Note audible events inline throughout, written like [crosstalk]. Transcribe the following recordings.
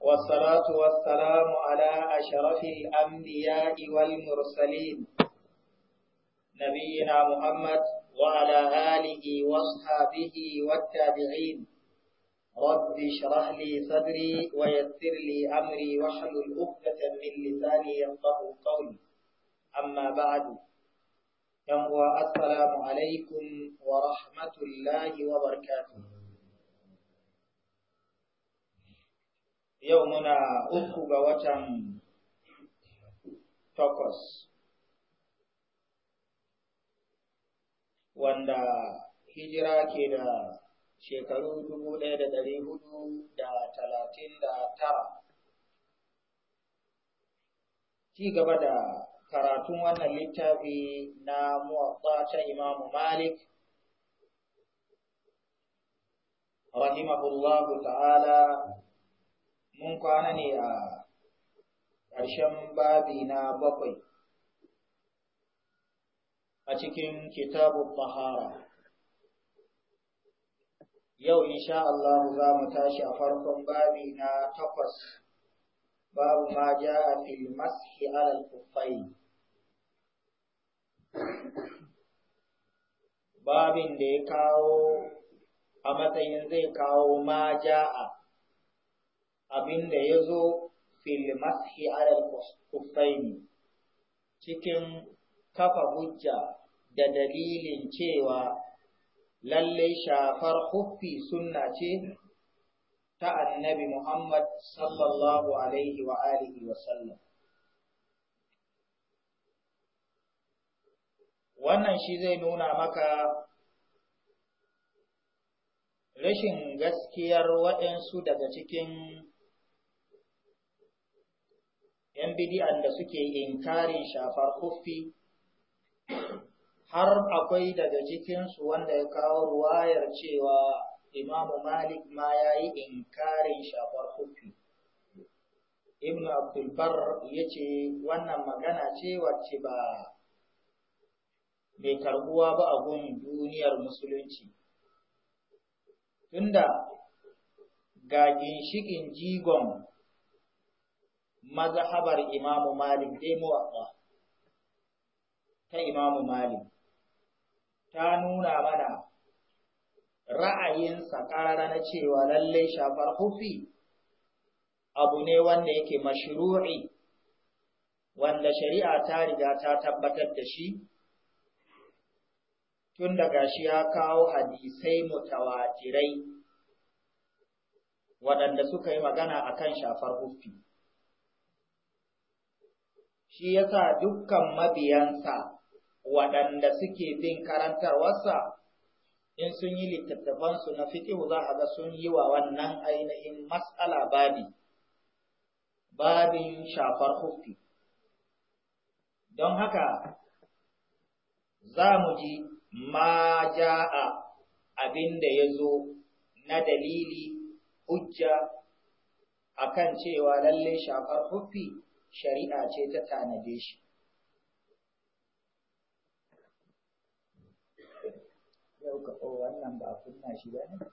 والصلاة والسلام على أشرف الأنبياء والمرسلين نبينا محمد وعلى آله واصحابه والتابعين رب اشرح لي صدري ويسر لي أمري واحلل عقدة من لساني يفقه قولي أما بعد يوم السلام عليكم ورحمة الله وبركاته yau muna uku ga watan takwas wanda hijira ke da shekaru dubu ɗaya da ɗari hudu da talatin da tara ci gaba da karatun wannan littafi na muwatta ta imamu malik rahimahullahu ta'ala mun kwana ne a ƙarshen babi na bakwai a cikin kitabun bahara yau insha Allah za mu tashi a farkon babi na takwas babu ma ja a fil mashi alal kufai babin da ya kawo a matsayin zai kawo ma ja'a abin da ya zo Filmas alal kufaini cikin kafa hujja da dalilin cewa lalle shafar kufi sunna ce ta annabi Muhammad sallallahu alaihi wa alihi wa sallam. Wannan shi zai nuna maka rashin gaskiyar waɗansu daga cikin yan bidi'an da suke inkarin shafar kuffi har akwai daga cikinsu wanda ya kawo ruwayar cewa imamu malik ma ya yi inkarin shafar kuffi ibn abdulbar ya ce wannan magana ce wacce ba mai karbuwa ba a gun duniyar musulunci tunda ga ginshikin jigon mazhabar imamu malik dai muwaɗa ta imamu malik ta nuna mana ra'ayinsa ƙara na cewa lallai shafar hufi abu ne wanda yake mashru'i wanda shari'a ta riga ta tabbatar da shi tun daga shi ya kawo hadisai mutawatirai waɗanda suka yi magana akan shafar hufi. shi yasa dukkan mabiyansa waɗanda suke bin karantarwarsa in sun yi littattafansu na fiƙihu za a ga sun yi wa wannan ainihin matsala babi, babin shafar hufi. Don haka za mu ji ma a abin da ya zo na dalili hujja akan cewa lalle shafar hufi shari'a ce ta tanade shi. Yau ka o wannan ba a kunna shi ba ne?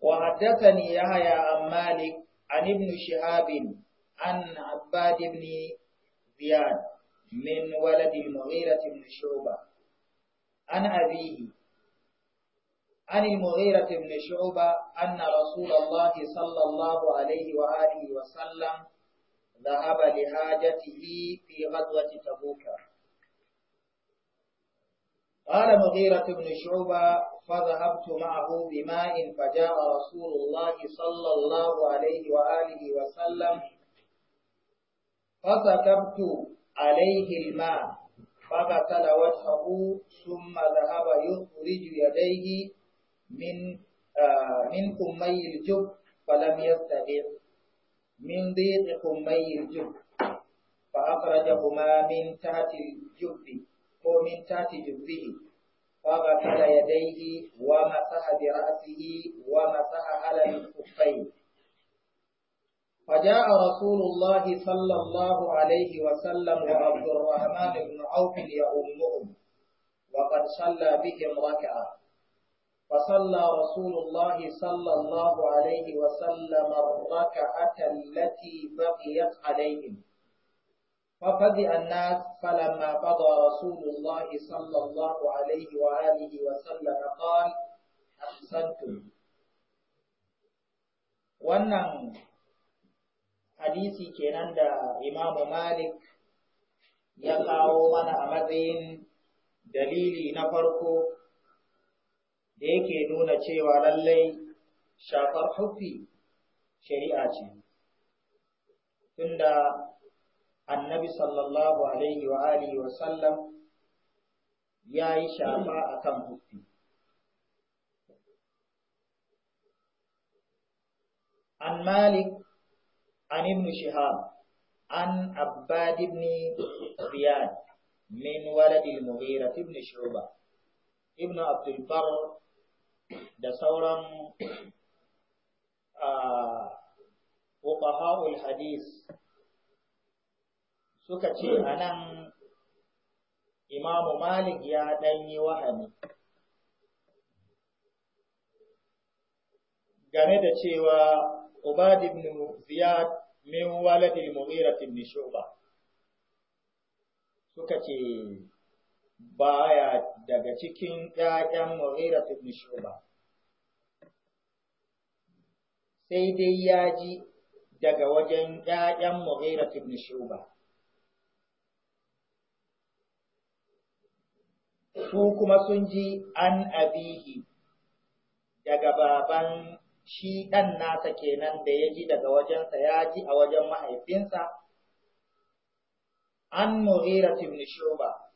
وحدثني يحيى عن مالك عن ابن شهاب عن عباد بن زياد من ولد المغيرة بن شعبة عن أبيه عن المغيرة بن شعبة أن رسول الله صلى الله عليه وآله وسلم ذهب لحاجته في غزوة تبوك قال مغيرة بن شعبة فذهبت معه بماء فجاء رسول الله صلى الله عليه وآله وسلم فسكبت عليه الماء فقتل وجهه ثم ذهب يخرج يديه min ah, min kummayil jub falam yastadi min dhiqi kummayil jub fa akhrajahuma min tahti jubbi ko min tahti jubbihi fa ghasala yadayhi wa masaha bi ra'sihi wa masaha ala al-khuffayn فجاء رسول الله صلى الله wa وسلم وعبد الرحمن بن عوف يؤمهم وقد صلى بهم ركعه فصلى رسول الله صلى الله عليه وسلم الركعة التي بقيت عليهم ففزع الناس فلما قضى رسول الله صلى الله عليه وآله وسلم قال أحسنتم wannan hadisi kenan da imamu malik ya kawo mana a matsayin dalili na farko da yake nuna cewa lallai shafar huffi shari'a ce. Tunda annabi sallallahu alaihi wa alihi wa sallam ya yi shafa a kan huffi. An Malik, an Ibn Shihab, an Abbad ibn Riyad min walad al-Mughira ibn shuba ibn Abdul Barr da sauran fuqaha'ul hadis suka ce a nan imamu malik ya ɗanyi wahani game da cewa ubad bin ziyad min waladil mughira shu'ba suka ce baya daga cikin ƴaƴan Mughira ibn Shu'ba sai dai ya ji daga wajen ƴaƴan Mughira ibn Shu'ba su kuma sun ji an abihi daga baban shi ɗan nasa kenan da ya ji daga wajensa ya ji a wajen mahaifinsa an Mughira ibn Shu'ba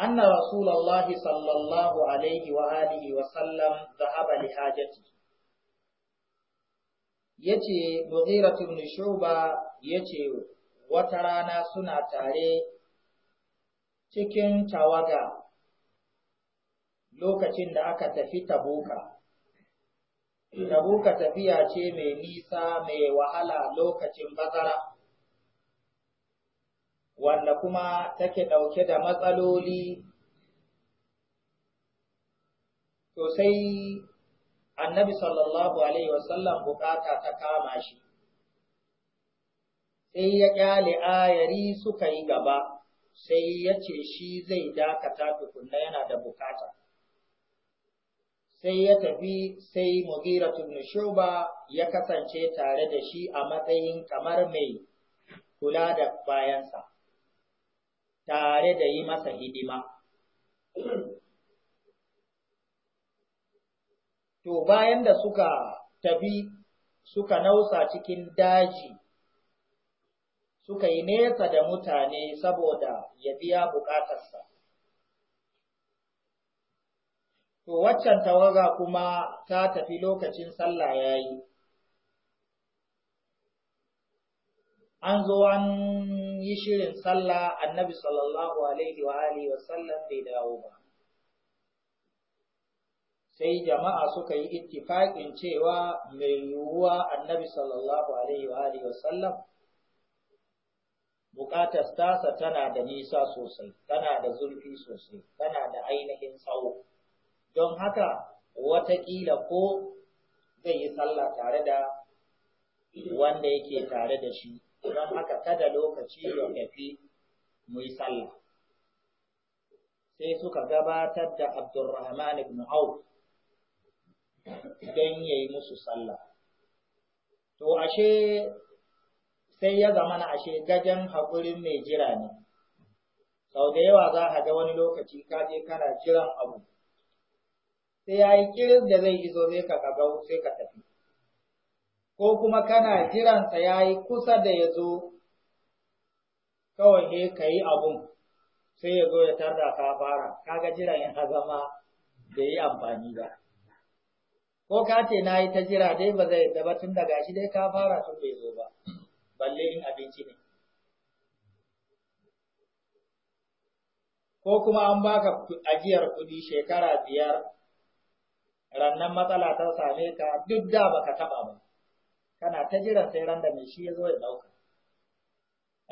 أن رسول الله صلى الله عليه وآله وسلم ذهب لحاجته yace Mughira ibn Shuba yace wata rana suna tare cikin tawaga lokacin da aka tafi Tabuka Tabuka tafiya ce mai nisa mai wahala lokacin bazara wanda kuma take ɗauke da matsaloli to sai annabi sallallahu alaihi wasallam bukata ta kama shi sai ya ƙyale ayari suka yi gaba sai ya ce shi zai dakata tukunna yana da bukata sai ya tafi sai mugiratun shuba ya kasance tare da shi a matsayin kamar mai kula da bayansa tare da yi masa hidima. To bayan da suka tafi suka nausa cikin daji, suka yi nesa da mutane saboda ya biya buƙatarsa. To waccan tawaga kuma ta tafi lokacin sallah ya yi. An zo an yi shirin sallah annabi sallallahu alaihi wa alihi wa sallam bai dawo ba sai jama'a suka yi ittifaqin cewa mai yiwuwa annabi sallallahu alaihi wa alihi wa sallam buƙatar tasa tana da nisa sosai tana da zurfi sosai tana da ainihin tsawo don haka watakila ko zai yi sallah tare da wanda yake tare da shi don haka kada lokaci ya tafi mu yi sallah sai suka gabatar da Abdurrahman ibn Auf don ya yi musu sallah to ashe sai ya zama na ashe gajen haƙurin mai jira ne sau da yawa za a ga wani lokaci kaje kana jiran abu sai ya yi da zai iso sai ka gagau sai ka tafi ko kuma kana jiransa ya yi kusa da ya zo kawai ne ka yi abun sai ya zo ya tarda ka fara kaga jiran ya zama da yi amfani ba ko ka ce na yi ta jira dai ba zai da tun daga shi dai ka fara tun bai zo ba balle in abinci ne ko kuma an baka ajiyar kuɗi shekara biyar rannan matsala ta same ka duk da baka taɓa ba kana ta jiran sai ran da mai shi ya zo ya ɗauka.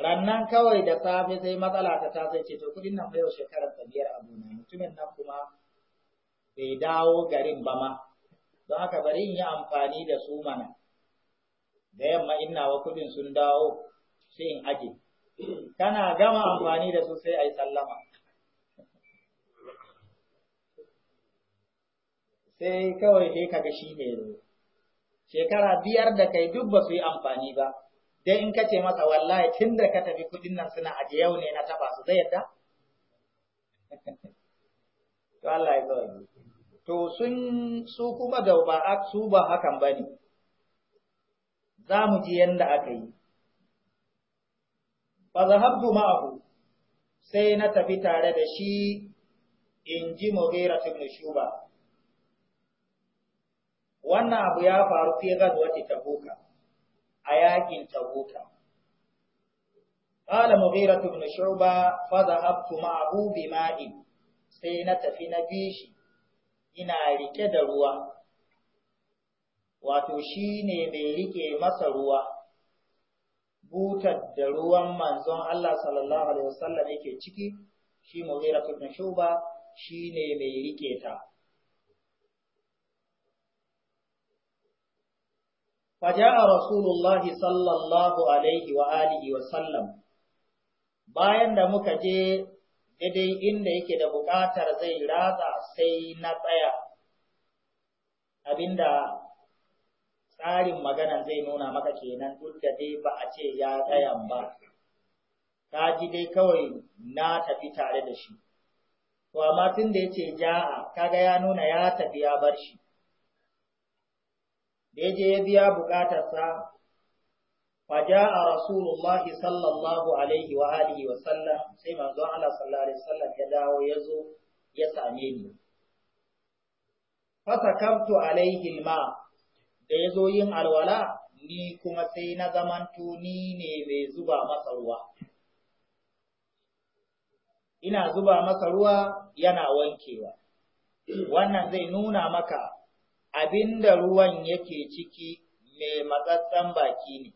Rannan kawai da safe sai matsala ta ta sai ce to kuɗin nan bai yau shekarar ta biyar abuna mutumin nan kuma bai dawo garin ba ma don haka bari in yi amfani da su mana da yamma inna wa kuɗin sun dawo sai in aje kana gama amfani da su sai a sallama sai kawai dai kaga shi ne shekara biyar da kai duk ba su yi amfani ba dai in ka ce masa wallahi tun da ka tafi kudin nan suna aje yau ne na taba su zai yadda [laughs] to Allah ya to sun su kuma da ba su ba hakan ba ne. za mu ji yadda aka yi fa ma abu. sai na tafi tare da shi in ji mu Mughira ibn Shuba wannan abu ya faru fi ghazwati tabuka a yakin tabuka qala mughira ibn shu'ba fa dhahabtu ma'ahu bima'in sai na tafi na shi ina rike da ruwa wato shi ne mai rike masa ruwa butar da ruwan manzon Allah sallallahu alaihi wasallam yake ciki shi Mughira ibn Shuba ne mai rike ta فجاء رسول الله صلى الله عليه وآله وسلم bayan da muka je daidai inda yake da bukatar zai ratsa sai na tsaya abinda tsarin magana zai nuna maka kenan duk da dai ba a ce ya tsayan ba ta ji dai kawai na tafi tare da shi to amma tun da yace ja'a kaga ya nuna ya tafi ya bar shi yaje ya biya bukatarsa faja a rasulullah sallallahu alaihi wa alihi wa sallam sai manzo Allah sallallahu alaihi sallam ya dawo ya zo ya same ni fasakamtu alaihi alma da ya zo yin alwala ni kuma sai na zamanto ni ne mai zuba masa ruwa ina zuba masa ruwa yana wankewa wannan zai nuna maka abinda ruwan yake ciki mai matsatsan baki ne,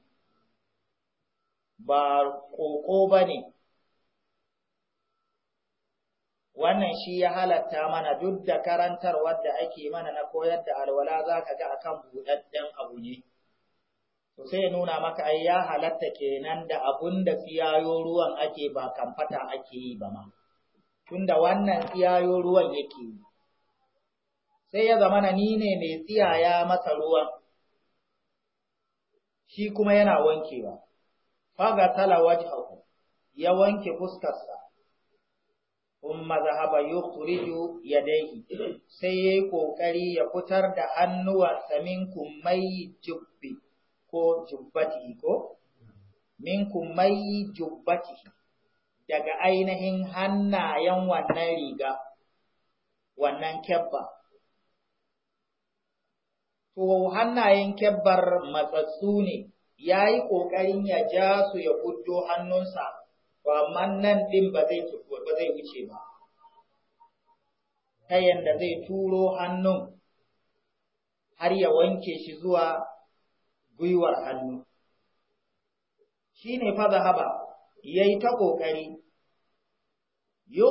ba ƙoƙo ba ne. Wannan shi ya halatta mana duk da karantar wadda ake mana na koyar da alwala za ka ga akan buɗaɗɗen abu ne. To sai nuna maka ai ya halatta kenan da abun da tsiyayo ruwan ake ba kamfata ake yi ba ma, tunda wannan tsiyayo ruwan yake yi. sai ya zamana ni ne mai tsiyaya masa ruwa. shi kuma yana wankewa faga tala wajhahu ya wanke fuskarsa umma zahaba ya daiki, sai ya yi kokari ya fitar da hannuwansa samin kummai jubbi ko jubbati ko min kummai jubbati daga ainihin hannayen wannan riga wannan kyabba, to hannayen kebbar matsatsu ne, ya yi ƙoƙarin ya ja su ya fuddo hannunsa, ba man nan ɗin ba zai ba zai wuce ba. Ta yanda zai turo hannun har ya wanke shi zuwa gwiwar hannu. Shi ne faza zahaba, ya yi ta ƙoƙari, ya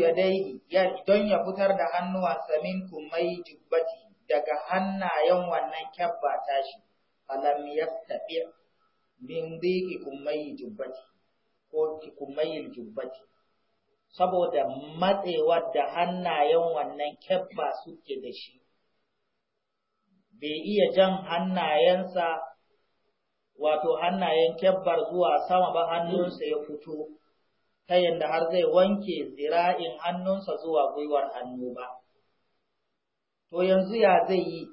yadayhi don ya fitar da hannuwa samin kumai jubbati daga hannayen wannan kyabba tashi alam yastafi min dhiki kummayi jubbati ko kummayi jubbati saboda matsewar da hannayen wannan kyabba suke da shi bai iya jan hannayensa wato hannayen kyabbar zuwa sama ba hannunsa ya fito ta yadda har zai wanke zira'in hannunsa zuwa gwiwar hannu ba to yanzu ya zai yi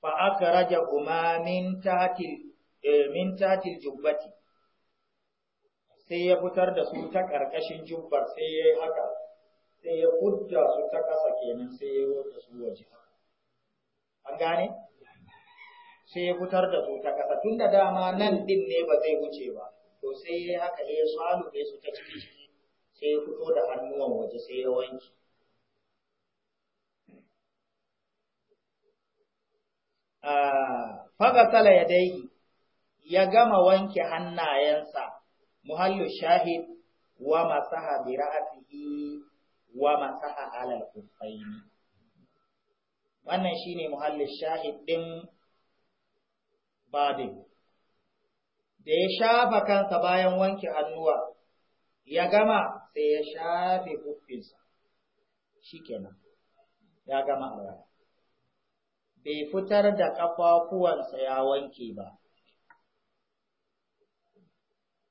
fa aka raja kuma eh, min tatil jubbati sai ya fitar da su ta ƙarƙashin jubbar sai ya yi haka sai ya kudda su ta ƙasa kenan sai ya yi da su waje an gane sai ya fitar da su ta ƙasa tun da dama nan din ne ba zai wuce ba to sai ya haka ya salu su ta ciki sai ya fito da hannuwan waje sai ya wanke fagasala ya dai ya gama wanke hannayensa muhallu shahid wa masaha bi ra'atihi wa masaha alal kufaini wannan shine muhallu shahid ɗin badi da ya shafa kansa bayan wanke hannuwa ya gama sai ya shafe kuffinsa shikenan ya gama a bai fitar da ƙafafuwansa ya wanke ba.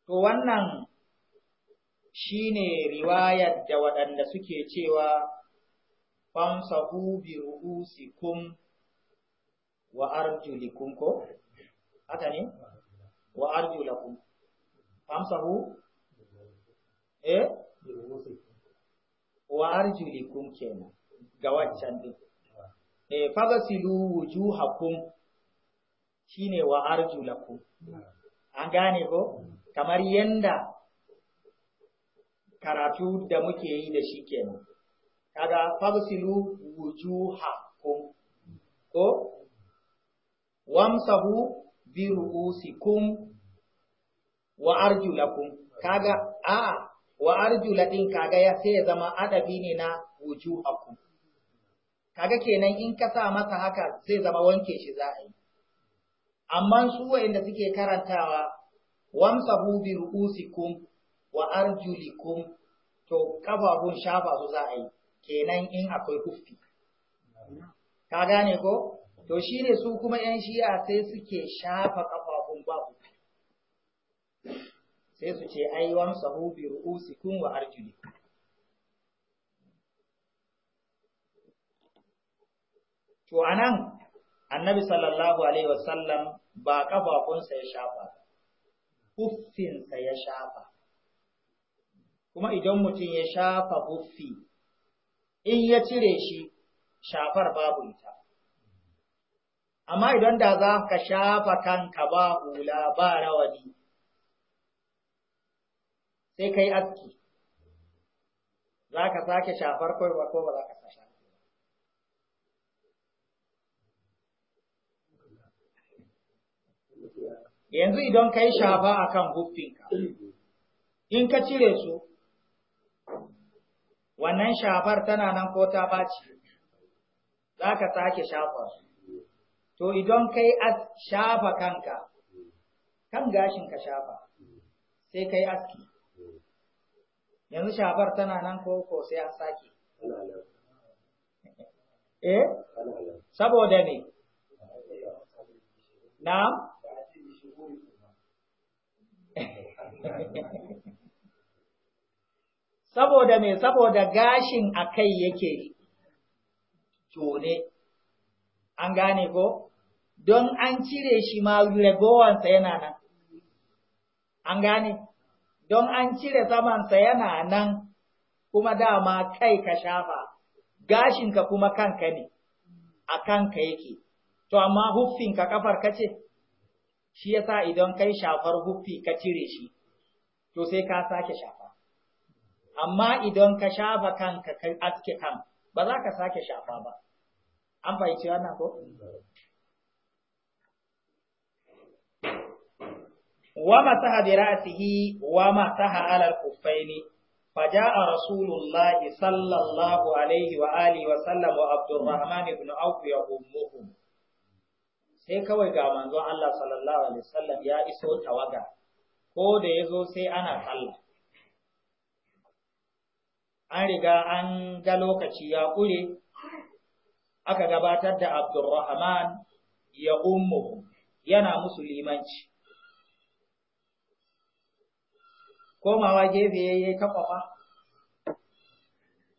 To wannan shi ne riwayar da waɗanda suke cewa famsahu bi ru'usikum wa arjulikum ko? Haka ne? Wa arjulakum. Famsahu? Eh? Wa arjulikum kenan ga waccan duk. e fagasilu wujuhakum shine wa arjulakum an gane ko kamar yanda karatu da muke yi da shi kenan kaga fagsilu wujuhakum ko wamsahu bi ru'usikum wa arjulakum kaga a wa arjula din kaga ya sai zama adabi ne na wujuhakum kaga kenan in ka sa masa haka zai zama wanke shi za a yi amma su waɗanda suke karantawa hu bi ru'usikum wa arjulikum to kafafun shafa su za a yi kenan in akwai kufi ka gane ko to shine su kuma yan shi'a sai suke shafa kafafun ba sai su ce ai hu bi ru'usikum wa arjulikum To anan annabi sallallahu alaihi wasallam ba kafafunsa ya shafa, huffinsa ya shafa. Kuma idan mutum ya shafa huffi, in ya cire shi shafar babu ita. Amma idan da za ka shafa kanka ba hula ba rawani, sai ka aski, za ka sake shafar kwaiwa ko ba za ka sasha. yanzu idan ka yi shafa a kan huffinka, in ka cire su, wannan shafar tana nan ko ta ɓaci, za ka sake su. To idan ka yi shafa kanka, kan gashin ka shafa, sai ka yi aski. Yanzu shafar tana nan ko ko sai an sake. Eh? Saboda ne? Na? Saboda me saboda gashin a kai yake tone, an gane ko? Don an cire shi ma ragowansa yana nan, an gane? Don an cire samansa yana nan kuma dama kai ka shafa, gashinka kuma kanka ne, a kanka yake, to amma huffinka kafar ka ce? shi yasa idan kai shafar huffi ka cire shi to sai ka sake shafa amma idan ka shafa kanka ka aske kan ba za ka sake shafa ba an fahimci wannan ko wa masaha bi ra'sihi wa masaha ala al-kuffaini فجاء rasulullahi sallallahu alaihi wa alihi wa sallam wa Abdurrahman ibn عوف يؤمهم sai kawai ga manzo Allah sallallahu alaihi wasallam ya iso tawaga ko da yazo sai ana sallah an riga an ga lokaci ya kure aka gabatar da Abdurrahman ya ummu yana musulmanci komawa gefe yayi kafafa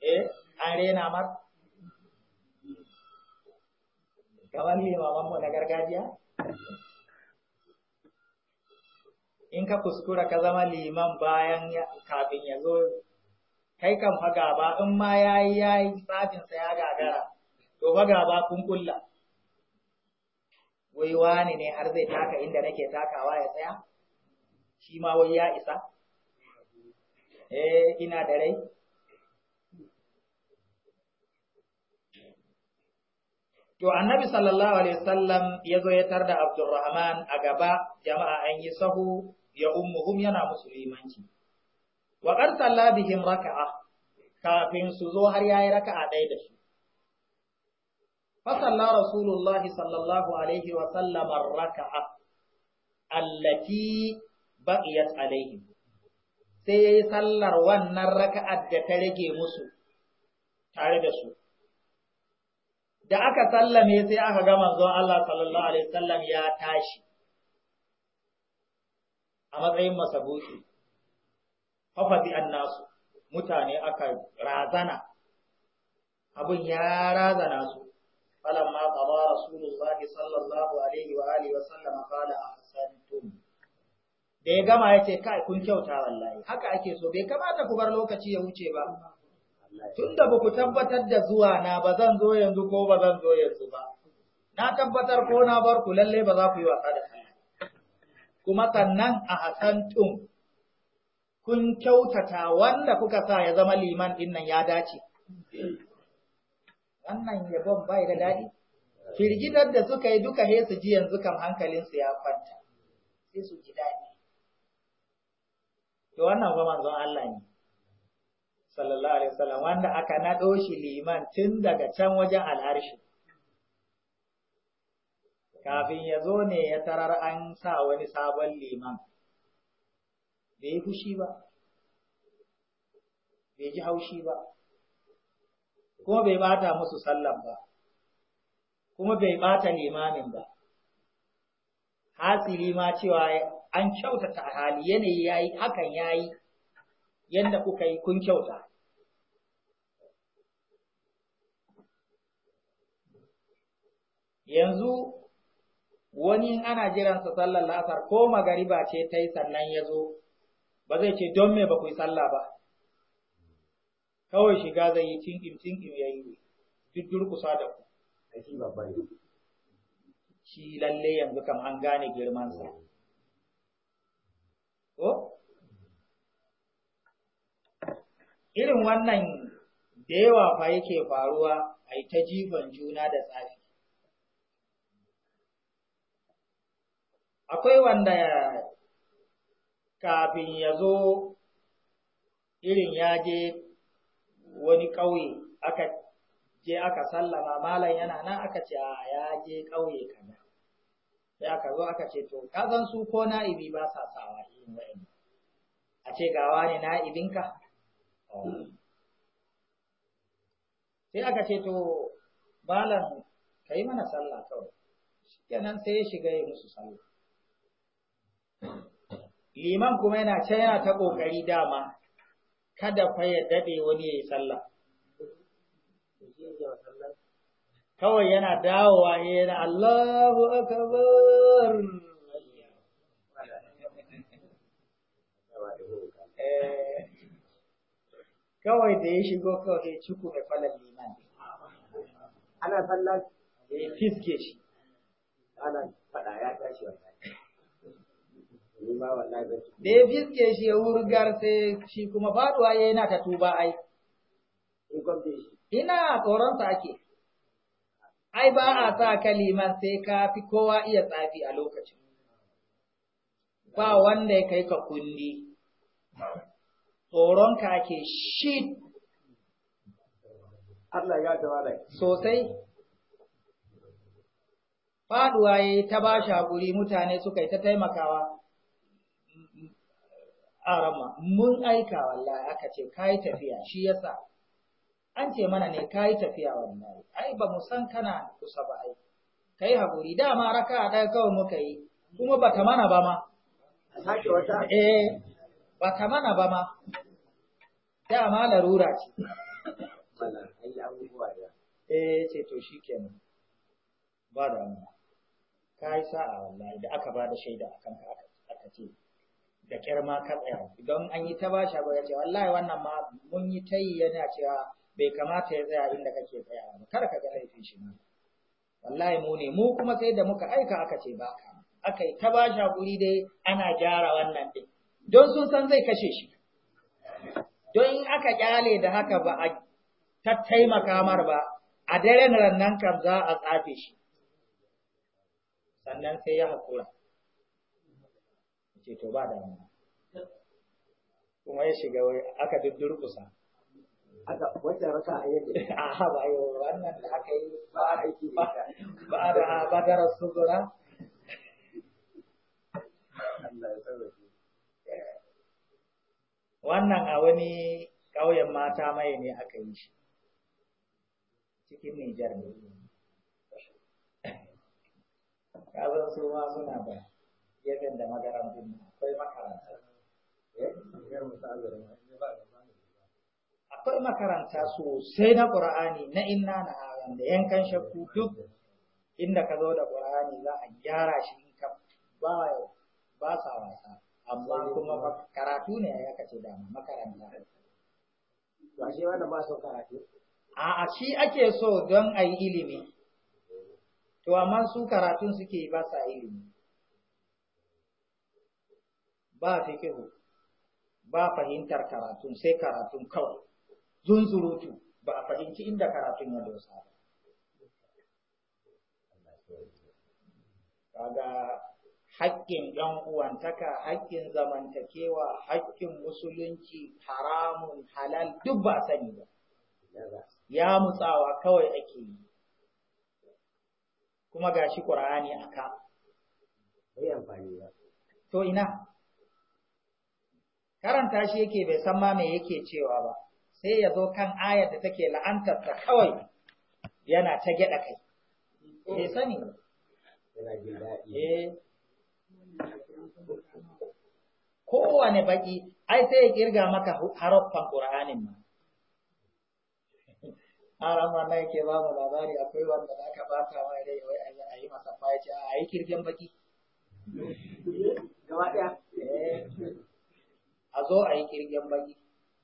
eh an rena kamar limaman mu na gargajiya in ka kuskura ka zama liman bayan kafin ya zo kai kan fa in ma ya yi, tsafinsa ya gagara to fa gaba kun kulla wai wani ne har zai taka inda nake takawa ya tsaya shi ma wai ya isa eh ina da rai To annabi sallallahu alaihi wasallam ya zo ya tarda Abdurrahman a gaba jama'a an yi sahu ya ummuhum yana musulmanci. Wa qad salla bihim raka'a kafin su zo har yayi raka'a ɗaya da su. Fa salla Rasulullahi sallallahu alaihi sallam raka'a allati baqiyat alaihim. Sai yi sallar wannan raka'ar da ta rage musu tare da su. da aka sallame sai aka ga manzon Allah sallallahu alaihi wasallam ya tashi a matsayin masabuki fafazi annasu mutane aka razana abun ya razana su فلما قضى رسول الله صلى الله عليه وآله وسلم a أحسنتم da ya gama ya ce kai kun kyauta wallahi haka ake so bai kamata ku bar lokaci ya wuce ba tunda ba ku tabbatar da zuwa na ba zan zo yanzu ko ba zan zo yanzu ba na tabbatar ko na bar ku lalle ba za ku yi wasa da kai. kuma sannan a tun kun kyautata wanda kuka sa ya zama liman din nan ya dace wannan yabon bai da daɗi firgidar da suka yi duka he su ji yanzu hankalin su ya kwanta sai su ji daɗi to wannan ba manzon Allah ne sallallahu alaihi wasallam wanda aka naɗo shi liman tun daga can wajen al'arshi kafin ya zo ne ya tarar an sa wani sabon liman bai fushi ba bai ji haushi ba kuma bai bata musu sallan ba kuma bai bata limamin ba hasili ma cewa an kyautata hali yanayi yayi hakan yayi yadda kuka yi kun kyauta. Yanzu wani ana jiransa sallar la'asar, ko magariba ce ta yi sannan ya zo, ba zai ce don me ba ku yi sallah ba, kawai shiga zai yi cinkim cinkim ya yi duk durkusa da ku. Shi lalle yanzu kam an gane girmansa. Ko? irin wannan da yawa fa yake faruwa a yi ta jifan juna da tsafi akwai wanda kafin ya zo irin ya je wani ƙauye aka je aka sallama malam yana nan aka ce a ya je ƙauye kaza sai aka zo aka ce to ka zan su ko na'ibi ba sa sawa irin wa'in a ce gawa ne na'ibinka sai aka ce to balan ka yi mana sallah kawai kenan sai ya shiga ya musu sallah liman kuma yana can yana ta kokari dama kada fa ya dade wani ya yi sallah kawai yana dawowa yana Allahu akbar eh kawai da ya shigo kawai ya ci mai falon liman ana sallah da eh, ya fiske shi ana fada ya tashi wannan da ya fiske shi ya wurgar sai shi kuma faɗuwa ya yana ta tuba ai ina tsoronsa ake ai ba a sa kaliman sai ka fi kowa iya tsafi a lokacin ba wanda ya kai ka kundi tsoronka ake shi Allah ya gaba da sosai faduwa yayi ta ba shi hakuri mutane suka yi ta taimakawa arama mun aika wallahi aka ce kai tafiya shi yasa an ce mana ne kai tafiya wallahi ai ba mu san kana kusa ba ai kai hakuri dama raka ɗaya kawai muka yi kuma ba ta mana ba ma sake wata eh ba ta mana ba ma dama larura ce eh ce to shi kenan ba da amma, ka yi sa'a wallahi da aka ba da shaida a kanka aka ce da kyar ma ka tsaya Don an yi ta ba ba ya ce wallahi wannan ma mun yi ta yi yana cewa bai kamata ya tsaya inda kake tsaya ba kada ka ga laifin shi ma wallahi mu ne mu kuma sai da muka aika aka ce ba ka aka yi ta bashi guri dai ana gyara wannan ɗin. don sun san zai kashe shi. Don in aka kyale da haka ba a tattaimaka mar ba, a daren rannan kan za a tsafe shi. Sannan sai ya haƙura. Ce to ba damuwa. Kuma ya shiga wai aka duddurkusa. Aka wata raka a yadda. [laughs] A ba yi wannan da aka yi ba a aiki ba. Ba da ba da rasu zura. Allah ya wannan a wani ƙauyen mata mai ne aka yi shi cikin Nijar ne zan su ma suna da gefen da makarantun akwai makaranta akwai makaranta sosai na ƙur'ani na inna na ayan da yankan shakku duk inda ka zo da ƙur'ani za a gyara shi in ka ba sa wasa amma kuma karatu ne ya kace dama makaranta to ashe wanda ba so karatu a a shi ake so don a yi ilimi to amma su karatun suke ba sa ilimi ba fikihu ba fahimtar karatun sai karatun kawai zunzurutu ba a fahimci inda karatun ya dosa ba kaga haƙƙin ɗan uwantaka, haƙƙin zamantakewa, haƙƙin musulunci, haramun, halal duk ba sani ba. Ya mutsawa kawai ake yi. Kuma gashi Ƙur'ani a ka. To ina? Karanta shi yake bai san ma me yake cewa ba, sai ya zo kan ayar da take la'antar la'antarta kawai yana ta gyaɗa kai. Bai sani ba. Eh. Kowane baki, ai sai ya kirga maka haraffan Ƙur'anin ma. [laughs] Arama wannan yake ba mu labari akwai wanda za ka bata mai rai wai a yi masa faci a yi kirgen baki. Gaba ɗaya. Eh. A zo a yi kirgen baki.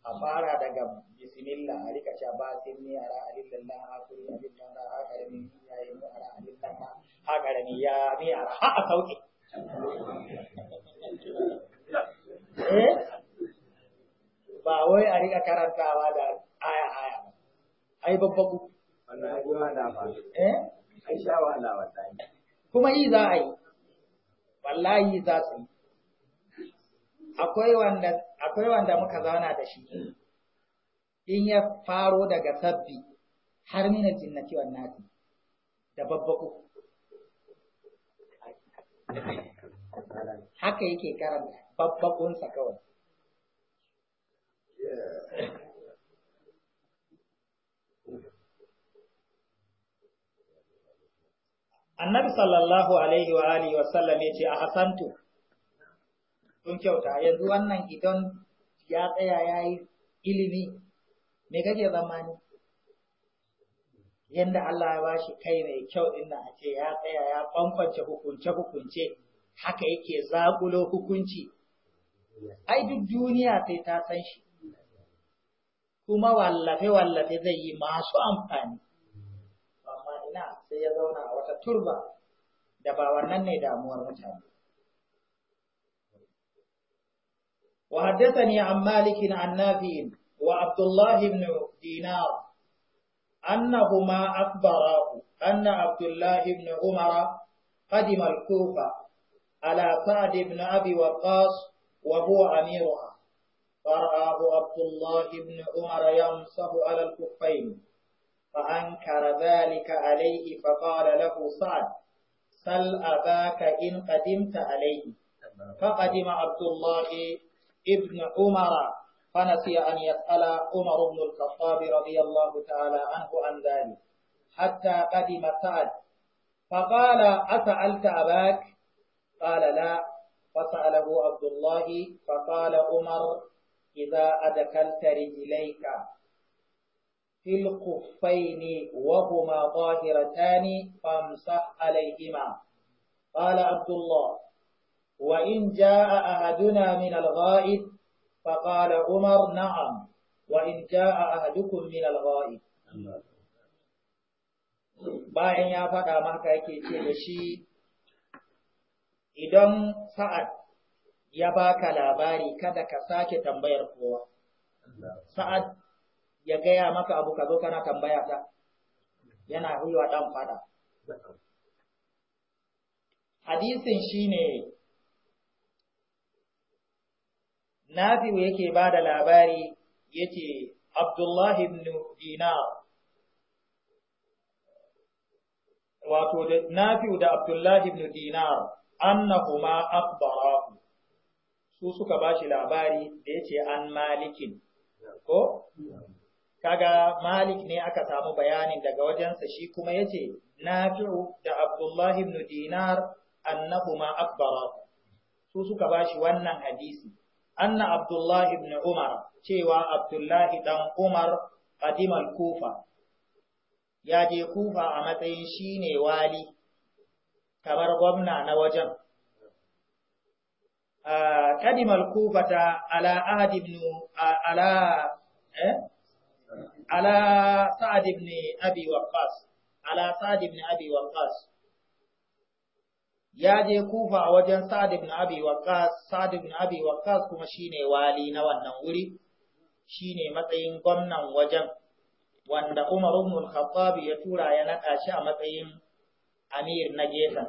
a fara daga bismillah a rika cewa basin ne ara alillallah hakuri alillallah ha karami ya yi mu ara alillallah ha karami ya mi ara ha a sauke Eh? Ba wai a riƙa karantawa da aya aya ba. Ai babbaku. Wannan kuma da ba. Eh? Ai sha wahala wallahi. Kuma yi za a yi. Wallahi za su yi. Akwai wanda akwai wanda muka zauna da shi. In ya faro daga sabbi har mina jinnati wannan da babba ku. haka yake karanta babbakunsa kawai annabi sallallahu alaihi wa alihi wa sallam yace a hasantu Sun kyauta yanzu wannan idan ya tsaya yayi ilimi me kake zamani yanda Allah ya bashi kai mai kyau inda a ce ya tsaya ya bambance hukunce hukunce haka yake zakulo hukunci ai duk duniya sai ta san shi kuma wallafe-wallafe zai yi masu amfani amma ina sai ya zauna a wata turba da ba wannan ne damuwar mutane وحدثني عن مالك عن نافع وعبد الله بن دينار أنهما أخبراه أن عبد الله بن عمر قدم الكوفة على سعد بن أبي وقاص وهو أميرها فرآه عبد الله بن عمر يمسه على الكفين فأنكر ذلك عليه فقال له سعد سل أباك إن قدمت عليه فقدم عبد الله ابن عمر فنسي أن يسأل عمر بن الخطاب رضي الله تعالى عنه عن ذلك حتى قدم سعد فقال أسألت أباك قال لا فسأله عبد الله فقال عمر إذا أدخلت رجليك في الخفين وهما ظاهرتان فامسح عليهما قال عبد الله وإن جاء أحدنا من الغائب فقال عمر نعم وإن جاء أحدكم من الغائب bayan ya faɗa maka yake ce da shi idan sa'ad ya baka labari kada ka sake tambayar kowa sa'ad ya gaya maka abu ka zo kana tambaya ta yana huwa ɗan fada hadisin ne. Nafi'u yake ba da labari yake Abdullahi ibn Dinar wato Nafi'u da Abdullahi ibn annahuma akhbarahu su suka bashi labari da yace an malikin ko kaga malik ne aka samu bayanin daga wajensa shi kuma yace nafi'u da abdullah ibn dinar annahuma akhbarahu su suka bashi wannan hadisi anna abdullah ibn umar cewa abdullah dan umar qadimal kufa ya je kufa a matsayin shine wali kamar gwamna na wajen. قدم الكوفة على عهد بن على على سعد بن أبي وقاص على سعد بن أبي وقاص ya je kufa a wajen Sa'ad ibn Abi Waqqas Sa'ad ibn Abi Waqqas kuma shine wali na wannan wuri shine matsayin gwamnan wajen wanda Umar ibn khattab ya tura ya nada shi a matsayin amir na gefen.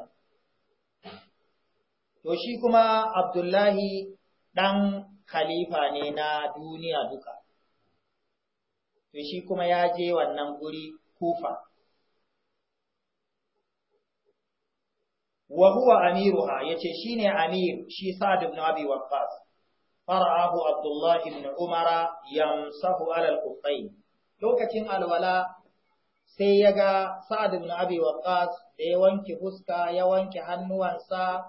To shi kuma Abdullahi ɗan khalifa ne na duniya duka, to shi kuma ya je wannan guri kufa. Wa huwa amiruha ya ce shi ne amir shi Sa'ad ibn Abi Waqqas, fara'ahu Abdullahi ibn Umara yamsahu alal kufai, lokacin alwala sai ya ga Sa'ad bin Abi Waqqas da ya wanke fuska ya wanke hannuwansa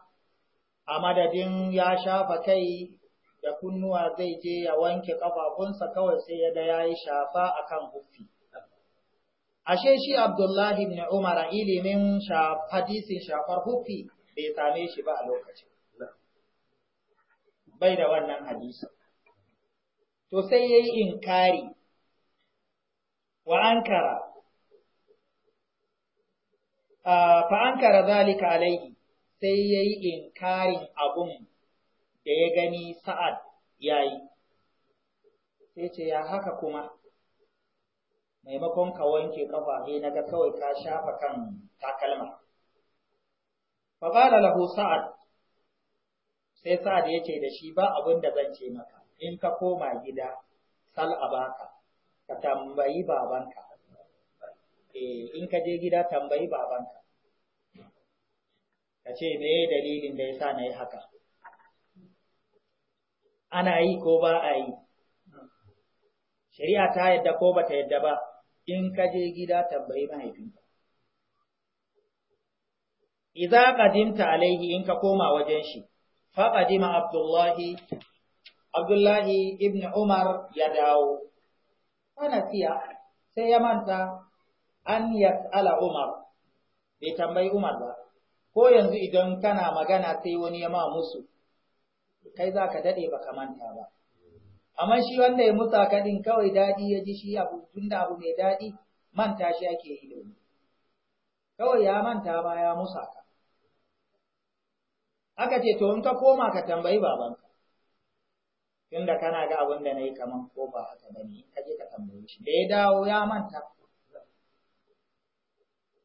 a madadin ya shafa kai da kunnuwa zai je ya wanke ƙafafunsa kawai sai ya ga yi shafa a kan hufi ashe shi Abdullahi bin Umar ilimin hadisin shafar hufi bai same shi ba a lokacin bai da wannan hadisi to sai ya yayi inkari wa ankara Ah, fa an kara zalika alaihi sai yayi inkarin abun da ya gani sa'ad yayi sai ce ya haka kuma maimakon ka wanke kafa sai naga kawai ka shafa kan takalma fa qala lahu sa'ad sai sa'ad ya ce da shi ba abin da zan ce maka in ka koma gida sal abaka ka tambayi babanka Eh, in ka je gida tambayi babanka ka ce me dalilin da yasa na yi haka ana yi ko ba a yi shari'a ta yadda ko ba ta yadda ba in ka je gida tambayi mahaifinka idza qadimta alaihi in ka koma wajen shi fa qadima abdullahi abdullahi ibn umar ya dawo ana siya sai ya manta an yas'ala Umar bai tambayi Umar ba ko yanzu idan kana magana sai wani ya ma musu kai za ka daɗe ba ka manta ba amma shi wanda ya musa kaɗin kawai daɗi ya ji shi abu tunda abu mai daɗi manta shi ake yi domin kawai ya manta ba ya musa ka aka ce to in ka koma ka tambayi babanka tunda kana ga abin da na yi kaman ko ba haka bane ka je ka tambaye shi da ya dawo ya manta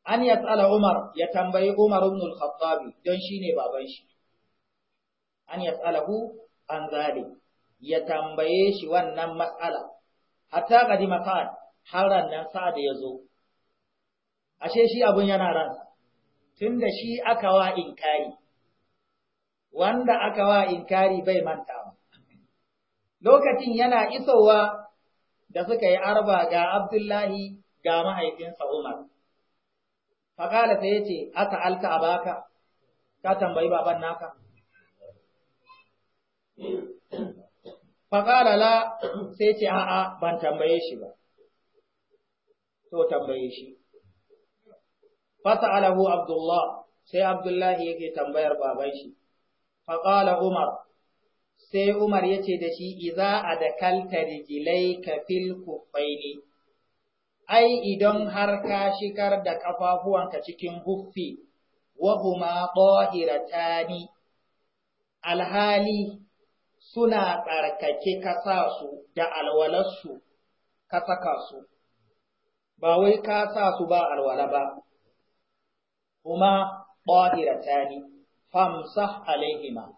an ya tsala Umar ya tambayi Umar ibn al-Khattab don shine baban shi an ya yas'alahu an zali ya tambaye shi wannan matsala. hatta qadima makan har nan sa'ad ya zo ashe shi abun yana ransa tunda shi aka wa inkari wanda aka wa inkari bai manta. lokacin yana isowa da suka yi arba ga Abdullahi ga mahaifinsa Umar Fakala sai yace asa alka abaka ka tambayi baban naka. Faƙala la sai ce a'a ban tambaye shi ba. To tambaye shi. Fasa'alahu Abdullah sai Abdullahi yake tambayar baban shi. Faƙala Umar sai Umar yace da shi iza adakalta rijilaika fil kufaini. ai idan har ka shigar da ƙafafuwanka cikin huffi, wahuma ɓahiratani, alhali suna tsarkake ka sa su da alwalarsu ka saka su, ba wai ka sa su ba alwala ba, kuma ɓahiratani, Famsa alaihima,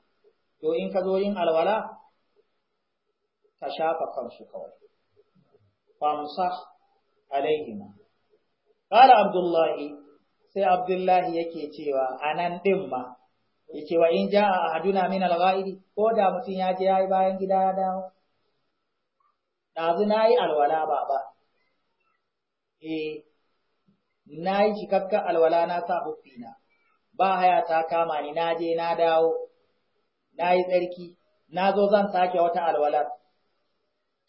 to in ka zo yin alwala, ka shafa kansu kawai, Famsa. alaihima qala abdullahi sai abdullahi yake cewa anan din ma yake wa in a Haduna min al ko da mutun ya je yayi bayan gida ya dawo na yi alwala baba eh nayi cikakken alwala na sa huffina ba haya ta kama ni na je na dawo nayi tsarki na zo zan sake wata alwalar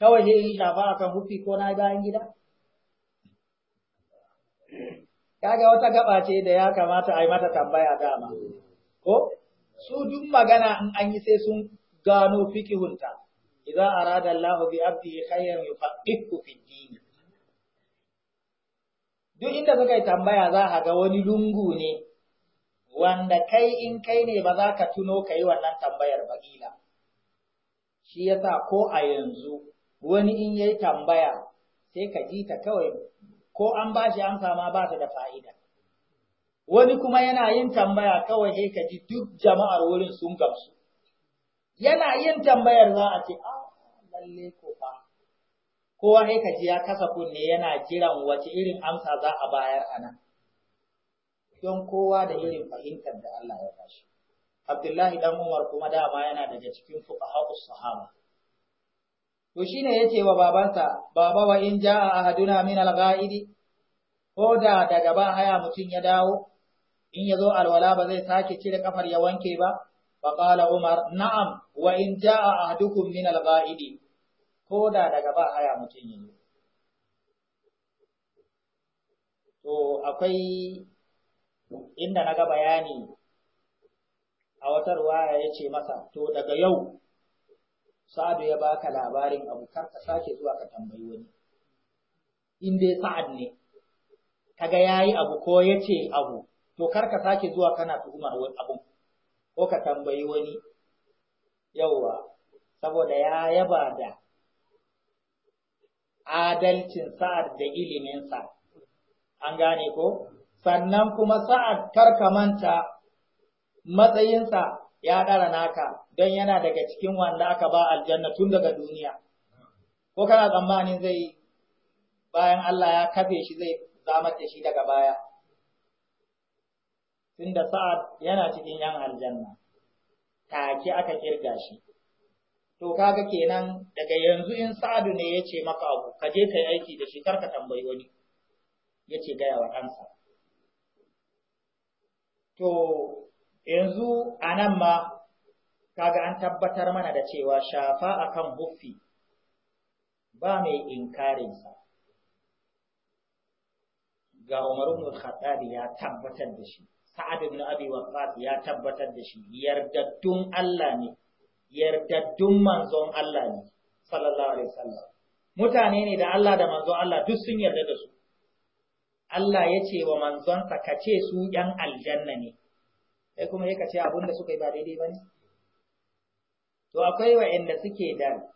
kawai sai in shafa kan huffi ko na bayan gida kaga wata gaba ce da ya kamata a yi mata tambaya dama ko su duk magana in an yi sai sun gano fikihunta idza arada Allahu bi abdi khayran yufaqihu fi din duk inda suka yi tambaya za a ga wani lungu ne wanda kai in kai ne ba za ka tuno ka yi wannan tambayar ba kila shi yasa ko a yanzu wani in yayi tambaya sai ka ji ta kawai ko an ba shi amsa ma ba ta da fa'ida. Wani kuma yana yin tambaya kawai sai ka ji duk jama'ar wurin sun gamsu. Yana yin tambayar za a ce, a ah, lalle ko ba. Kowa sai ka ji ya kasa kunne yana jiran wace irin amsa za a bayar a nan. Don kowa da irin fahimtar da Allah ya shi. Abdullahi dan Umar kuma dama yana daga cikin fuqaha'us sahaba. to shine yace wa babansa baba wa in jaa ahaduna min al-ghaidi ko da daga ba haya mutun ya dawo in yazo alwala ba zai sake cire kafar ya wanke ba fa qala umar na'am wa in jaa ahadukum min al-ghaidi ko da daga ba haya mutun yazo to akwai inda naga bayani a wata ruwaya yace masa to daga yau sa'adu ya baka labarin abu kar ka sake zuwa ka tambayi wani in dai sa'ad ne kaga yayi abu ko yace abu to kar ka sake zuwa kana tuhumar wani abu ko ka tambayi wani yawa saboda ya yaba da adalcin sa'ad da iliminsa an gane ko sannan kuma sa'ad kar ka manta matsayinsa ya ɗara naka don yana daga cikin wanda aka ba aljanna tun daga duniya. Ko kana tsammanin zai bayan Allah ya kafe shi zai zama da shi daga baya. Tunda Sa'ad yana cikin ‘yan aljanna, take aka kirga shi. To kaga kenan daga yanzu in Sa'adu ne ya ce maka abu, ka je ka yi aiki da shi karka tambayi wani, ya ce gaya wa ɗansa. To, yanzu a nan ma kaga an tabbatar mana da cewa shafa a kan huffi ba mai inkarinsa ga Umar al Khattab ya tabbatar da shi Sa'ad ibn Abi Waqqas ya tabbatar da shi yardaddun Allah ne yardaddun manzon Allah ne sallallahu alaihi wasallam mutane ne da Allah da manzon Allah duk sun yarda da su Allah ya ce wa manzon ka ce su ‘yan aljanna ne, Eh, sai kuma ka ce abin da suka yi ba daidai ba ne to akwai wa'anda suke da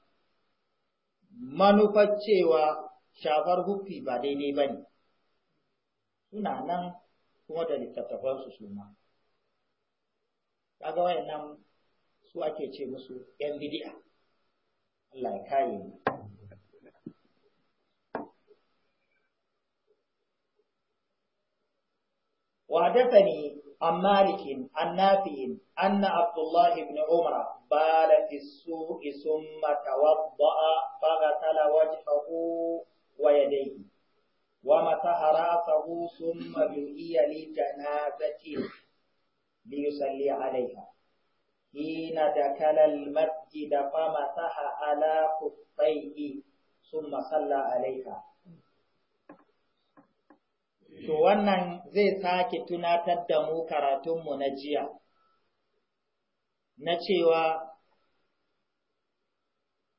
manufar cewa shafar hukki ba daidai ba ne suna nan kuma da littattafansu su ma kaga wayannan su ake ce musu yan bid'a Allah ya kare mu وحدثني عن مالك عن نافع أن عبد الله بن عمر بال في السوء ثم توضأ فغسل وجهه ويديه ومسح رأسه ثم دعي لجنازة ليصلي عليها حين دخل المسجد فمسح على خفيه ثم صلى عليها To wannan zai sake tunatar da mu karatunmu na jiya, na cewa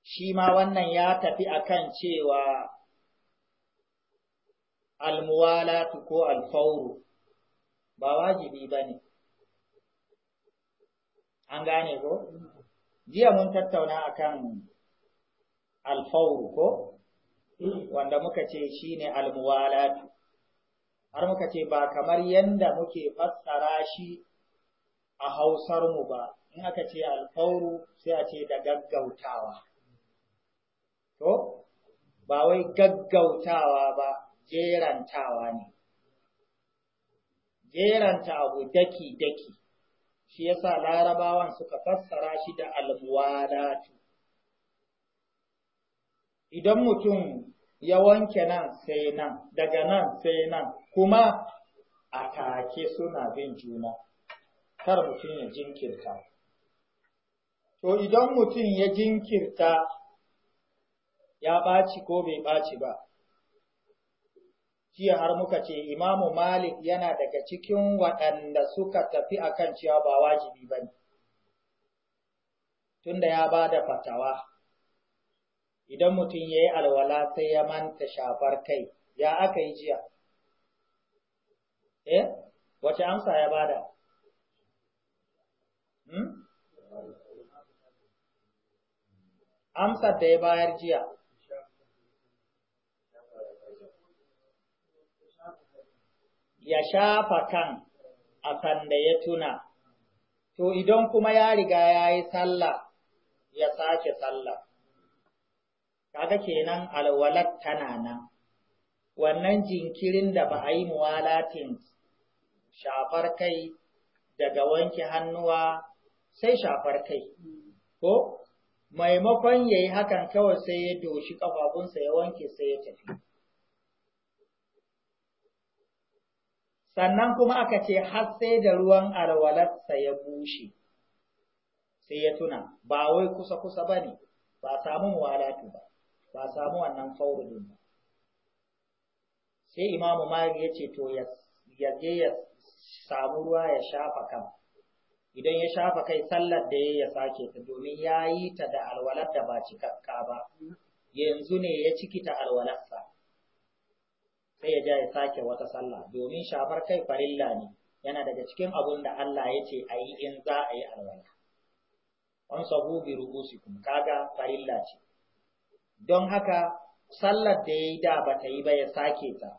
shi ma wannan ya tafi akan cewa almuwalatu ko alfauru ba wajibi ba ne. An gane ko? Jiya mun tattauna akan alfauru ko? Wanda muka ce shi ne almuwalatu. har muka ce ba kamar yanda muke fassara shi a hausar mu ba in aka ce alfauru sai a ce da gaggautawa to ba wai gaggautawa ba jerantawa ne jeranta abu daki daki shi yasa larabawan suka fassara shi da almuwadatu idan mutum ya wanke nan sai nan daga nan sai nan kuma a take suna bin juna kar mutum ya jinkirta to idan mutum ya jinkirta ya ɓaci ko bai ɓaci ba jiya har muka ce imamu malik yana daga cikin waɗanda suka tafi akan cewa ba wajibi ba ne tunda ya ba da fatawa idan mutum ya yi alwala sai ya manta shafar kai ya aka yi jiya eh wace amsa ya bada hmm? amsar da ya bayar jiya ya shafa kan a da ya tuna to idan kuma ya riga ya yi sallah ya sake sallah kaga kenan alwalar tana nan wannan jinkirin da ba a yi muwalatin shafar kai daga wanke hannuwa sai shafar kai ko maimakon ya yi hakan kawai sai ya doshi ƙafafunsa ya wanke sai ya tafi sannan kuma aka ce har sai da ruwan alwalarsa ya bushe sai ya tuna ba wai kusa-kusa ba ne ba samu muwalatu ba ba samu wannan faurudin ba sai imamu mari ya ce to ya je ya samu ruwa ya shafa kan idan ya shafa kai sallar da ya sake ta domin ya yi ta da alwalar da ba cikakka ba yanzu ne ya ciki ta alwalarsa sai ya ja ya sake wata sallah domin shafar kai farilla ne yana daga cikin abun da Allah ya ce a yi in za a yi alwala an sahu bi kun kaga farilla ce don haka sallar da ya yi da ba ta yi ba ya sake ta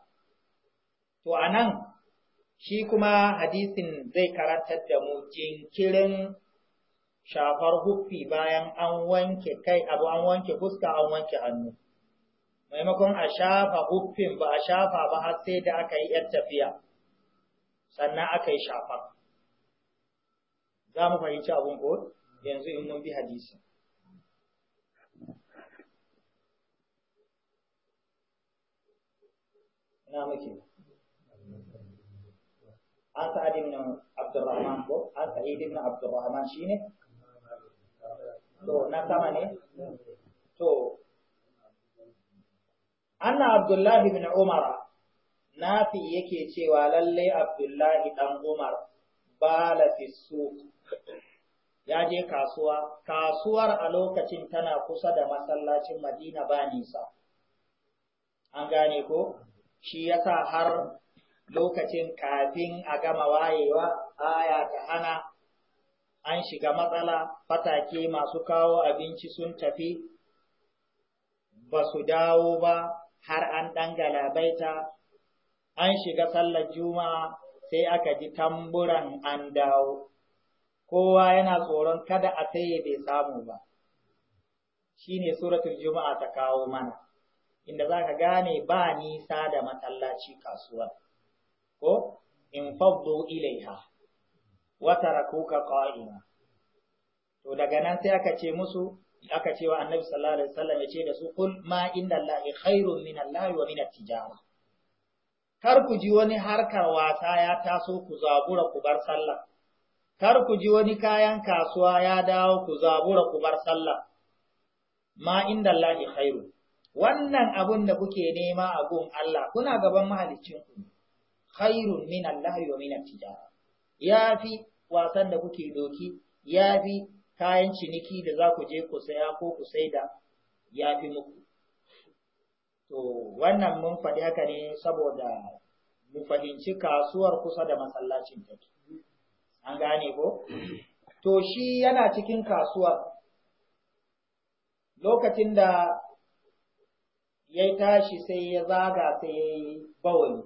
to a nan… Shi kuma hadisin zai karantar da mu jinkirin shafar huffi bayan an wanke kai abu an wanke fuska an wanke hannu. Maimakon a shafa huffin ba a shafa ba har sai da aka yi ‘yar tafiya, sannan aka yi shafa. Za mu fahimci abun ko yanzu in mun bi hadisin. Ina muke. an sa'ad ibn abdurrahman ko an sa'id to na sama ne to anna abdullah ibn umar nafi yake cewa lallai abdullah dan umar bala fi ya je kasuwa kasuwar a lokacin tana kusa da masallacin madina ba nisa an gane ko shi yasa har lokacin kafin a gama wayewa aya ta hana an shiga matsala fatake masu kawo abinci sun tafi ba su dawo ba har an ɗan galabaita an shiga sallar juma'a sai aka ji tamburan an dawo kowa yana tsoron kada a sai bai samu ba Shi ne suratul juma'a ta kawo mana inda za ka gane ba nisa da masallaci kasuwa ko in faddu ilaiha wa tarakuka qa'ima to daga nan sai aka ce musu aka ce wa annabi sallallahu alaihi wasallam ya ce da su kul ma inda Allahi khairun min Allah wa min at-tijara kar ku ji wani harkar wasa ya taso ku zabura ku bar sallah kar ku ji wani kayan kasuwa ya dawo ku zabura ku bar sallah ma inda Allahi khairu wannan abun da kuke nema a gun Allah kuna gaban mahaliccin ku ne. khairun min Allah wa min tijara yafi wasan da kuke doki ya fi kayan ciniki da za ku je ku saya ko ku saida ya fi muku to wannan mun faɗi haka ne saboda mu fahimci kasuwar kusa da masallacin take an gane ko to shi yana cikin kasuwar lokacin da ya tashi sai ya zaga sai ya yi bawani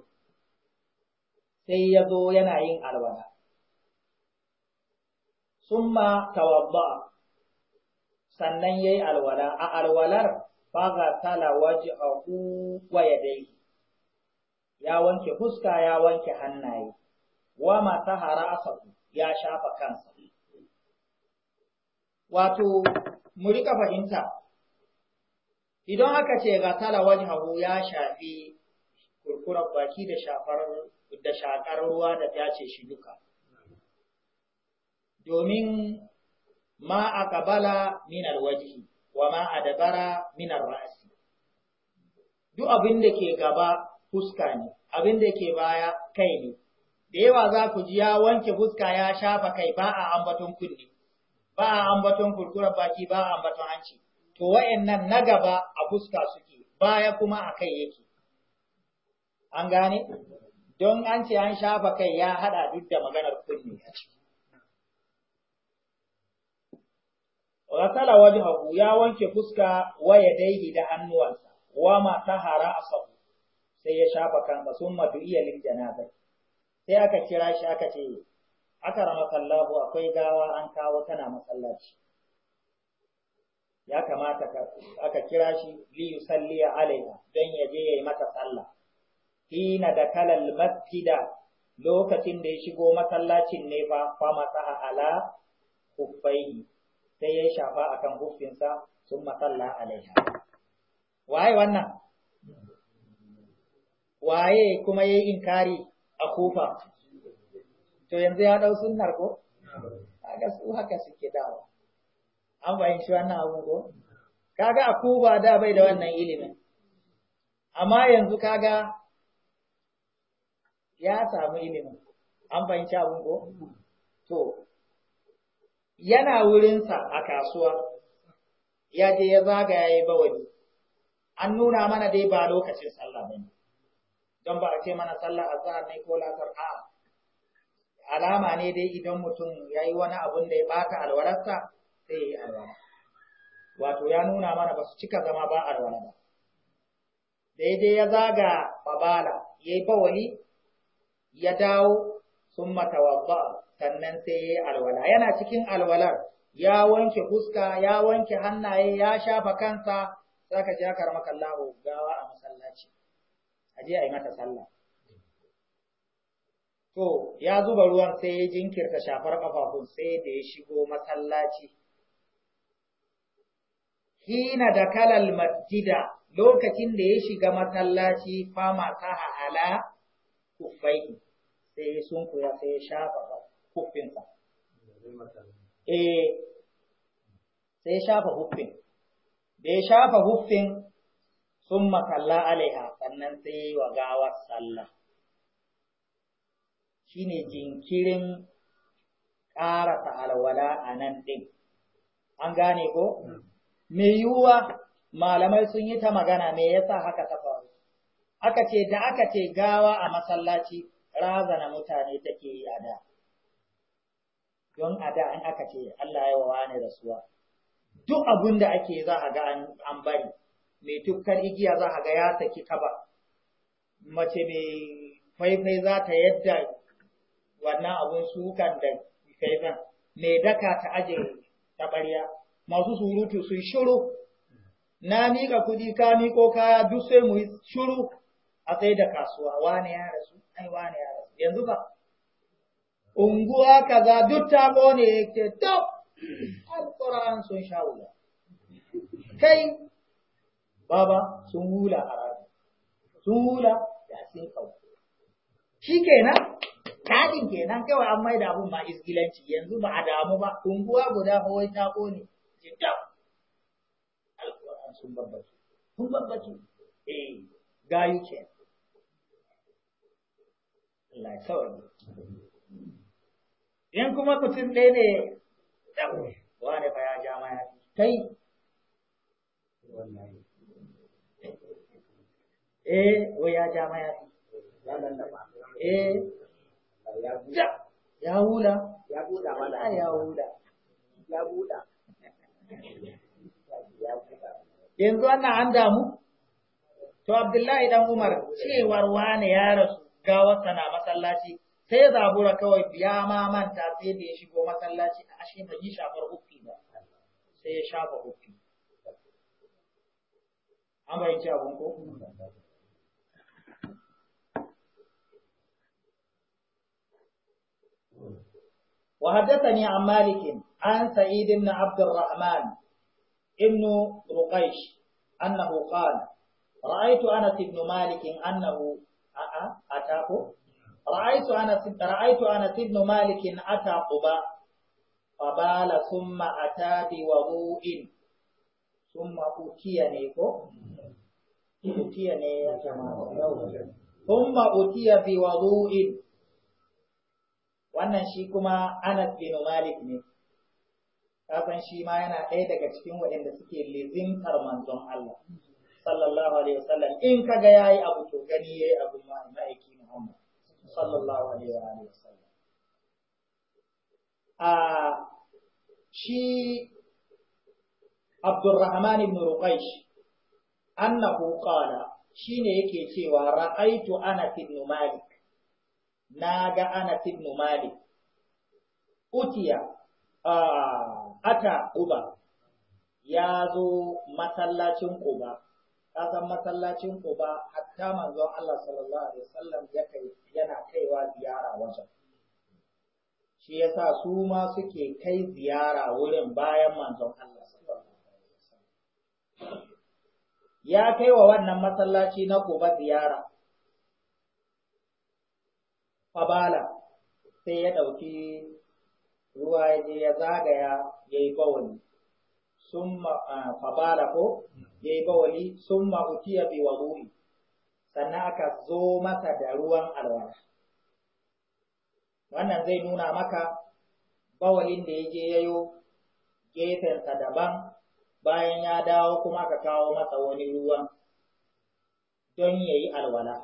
sai ya zo yana yin alwala summa tawadda sannan yayi alwala a alwalar faga tala wajhahu wa yadayhi ya wanke fuska ya wanke hannaye wa hara asabu ya shafa kansa wato mu rika fahimta idan aka ce ga tala wajhahu ya shafi kurkurar baki da shafar da shakar ruwa da ce shi duka. Domin ma a kabala minar wajihi wa ma a dabara minar Duk abin da ke gaba fuska ne, abin da ke baya kai ne. Da yawa za ku ji ya wanke fuska ya shafa kai ba a ambaton kunne, ba a ambaton kurkurar baki ba a ambaton hanci. To wayannan na gaba a fuska suke, baya kuma a kai yake. An gane? don an ce an shafa kai ya haɗa duk da maganar kunne a ciki. Rasala waje hagu ya wanke fuska waya daihi da hannuwansa, wa ma tahara a sahu, sai ya shafa kansa sun matu lin janazar. Sai aka kira shi aka ce, aka rama sallahu akwai gawa an kawo tana masallaci. Ya kamata aka kira shi liyu salliya alaiha don ya je ya yi mata sallah. hina da kalal masjida lokacin da ya shigo masallacin ne fa fa masaha ala kufai sai ya shafa akan huffinsa sun masalla alaiha waye wannan waye kuma yayi inkari a kufa to yanzu ya dau sunnar ko kaga su haka suke dawo. an fahimci wannan abu ko kaga a kuba da bai da wannan ilimin amma yanzu kaga ya samu ilimin an fahimci abin ko to yana wurinsa a kasuwa ya je ya zaga ya yi bawani an nuna mana dai ba lokacin sallah ba don ba a ce mana sallah azhar ne ko lasar a alama ne dai idan mutum ya yi wani abun da ya bata alwararsa sai ya yi alwara. wato ya nuna mana ba su cika zama ba alwara ba daidai ya zaga babala ya yi bawali ya dawo sun matawabba sannan sai ya yi alwala yana cikin alwalar ya wanke fuska ya wanke hannaye ya shafa kansa zaka ji aka ramaka gawa a masallaci aje a yi mata sallah to ya zuba ruwan sai ya jinkirta shafar kafafun sai da ya shigo masallaci hina da kalal masjida lokacin da ya shiga masallaci fama ta ala kufai sai ya sai ya shafa huffinsa eh sai shafa huffin da ya shafa huffin sun makalla alaiha sannan sai ya yi wa gawar sallah shine jinkirin ƙarasa alwala a nan ɗin an gane ko me yiwuwa malamai sun yi ta magana me yasa haka ta faru aka ce da aka ce gawa a masallaci razana mutane take yi a da don a da an aka ce Allah ya wawa ne rasuwa duk abin da ake za a ga an bari mai tukkar igiya za a ga ya saki kaba mace mai faifai za ta yadda wannan abun sukan da faifan mai daka ta aje taɓarya masu surutu sun shuru na mika kuɗi ka miko kaya duk sai mu shuru a tsaye da kasuwa wane ya rasu ai wane yanzu ba unguwa kaza duk ta bone yake to alquran sun sha wula kai baba sun wula a rabi sun wula da sai kawo kenan, kadin kenan kawai an maida abun ma isgilanci yanzu ba a damu ba unguwa guda ba ta bone ce to alquran sun babbace sun babbace eh gayu kenan Allah ya sauke in kuma mutum ɗaya ne ɗaure wane fa ya ja maya kai eh wai ya ja ma ya fi. eh ya hula ya buɗa wala ya hula ya buɗa yanzu wannan an damu to abdullahi dan umar cewar wane ya rasu gawarsa na masallaci sai zabura kawai ya ma manta sai da ya shigo masallaci a ashe bai shafar huffi ba sai ya shafa an bayanci abun ko وحدثني عن مالك عن سعيد بن عبد الرحمن ابن رقيش أنه قال رأيت أنس بن مالك أنه a'a ata ko ra'aytu anas malik ata quba qabala thumma ata bi wu'in thumma utiya ne ko utiya ne ya utiya wannan shi kuma anas bin malik ne kasan shi ma yana ɗaya daga cikin waɗanda suke lizimtar manzon Allah sallallahu alaihi wasallam in kaga yayi abu to gani yayi abu ma'aiki Muhammad sallallahu alaihi wa a shi Abdurrahman ibn Ruqaysh annahu qala shine yake cewa ra'aitu ana ibn Malik naga ana ibn Malik utiya ata Uba, ya zo masallacin Quba ka san masallacin ba, hatta manzon Allah sallallahu alaihi wasallam ya kai yana kaiwa ziyara wajen shi yasa su ma suke kai ziyara wurin bayan manzon Allah sallallahu alaihi wasallam ya kai wa wannan masallaci na Quba ziyara fabala sai ya ɗauki ruwa ya ya zagaya ya yi bawani sun ah, fabala ko ya yi bawali sun ma'utiya bi wazuri sannan aka zo masa da ruwan alwala wannan zai nuna maka bawalin da ya je yayo gefensa daban bayan ya dawo kuma aka kawo masa wani ruwan don ya yi alwala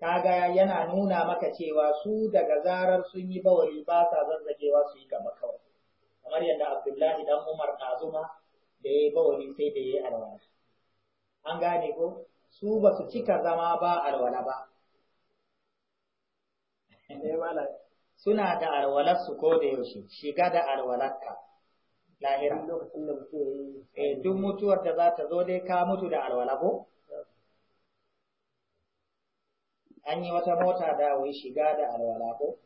kaga yana nuna maka cewa su daga zarar sun yi bawali ba sa zazzagewa su yi gaba kawai kamar yadda abdullahi dan umar kazuma da ya bawani sai da ya alwala an gane ko su ba su cika zama ba alwala ba eh, suna da alwalarsu ko da yaushe shiga da alwalarka lahira eh, duk mutuwar da za ta zo dai ka mutu da alwala ko an yi wata mota da wai shiga da alwala ko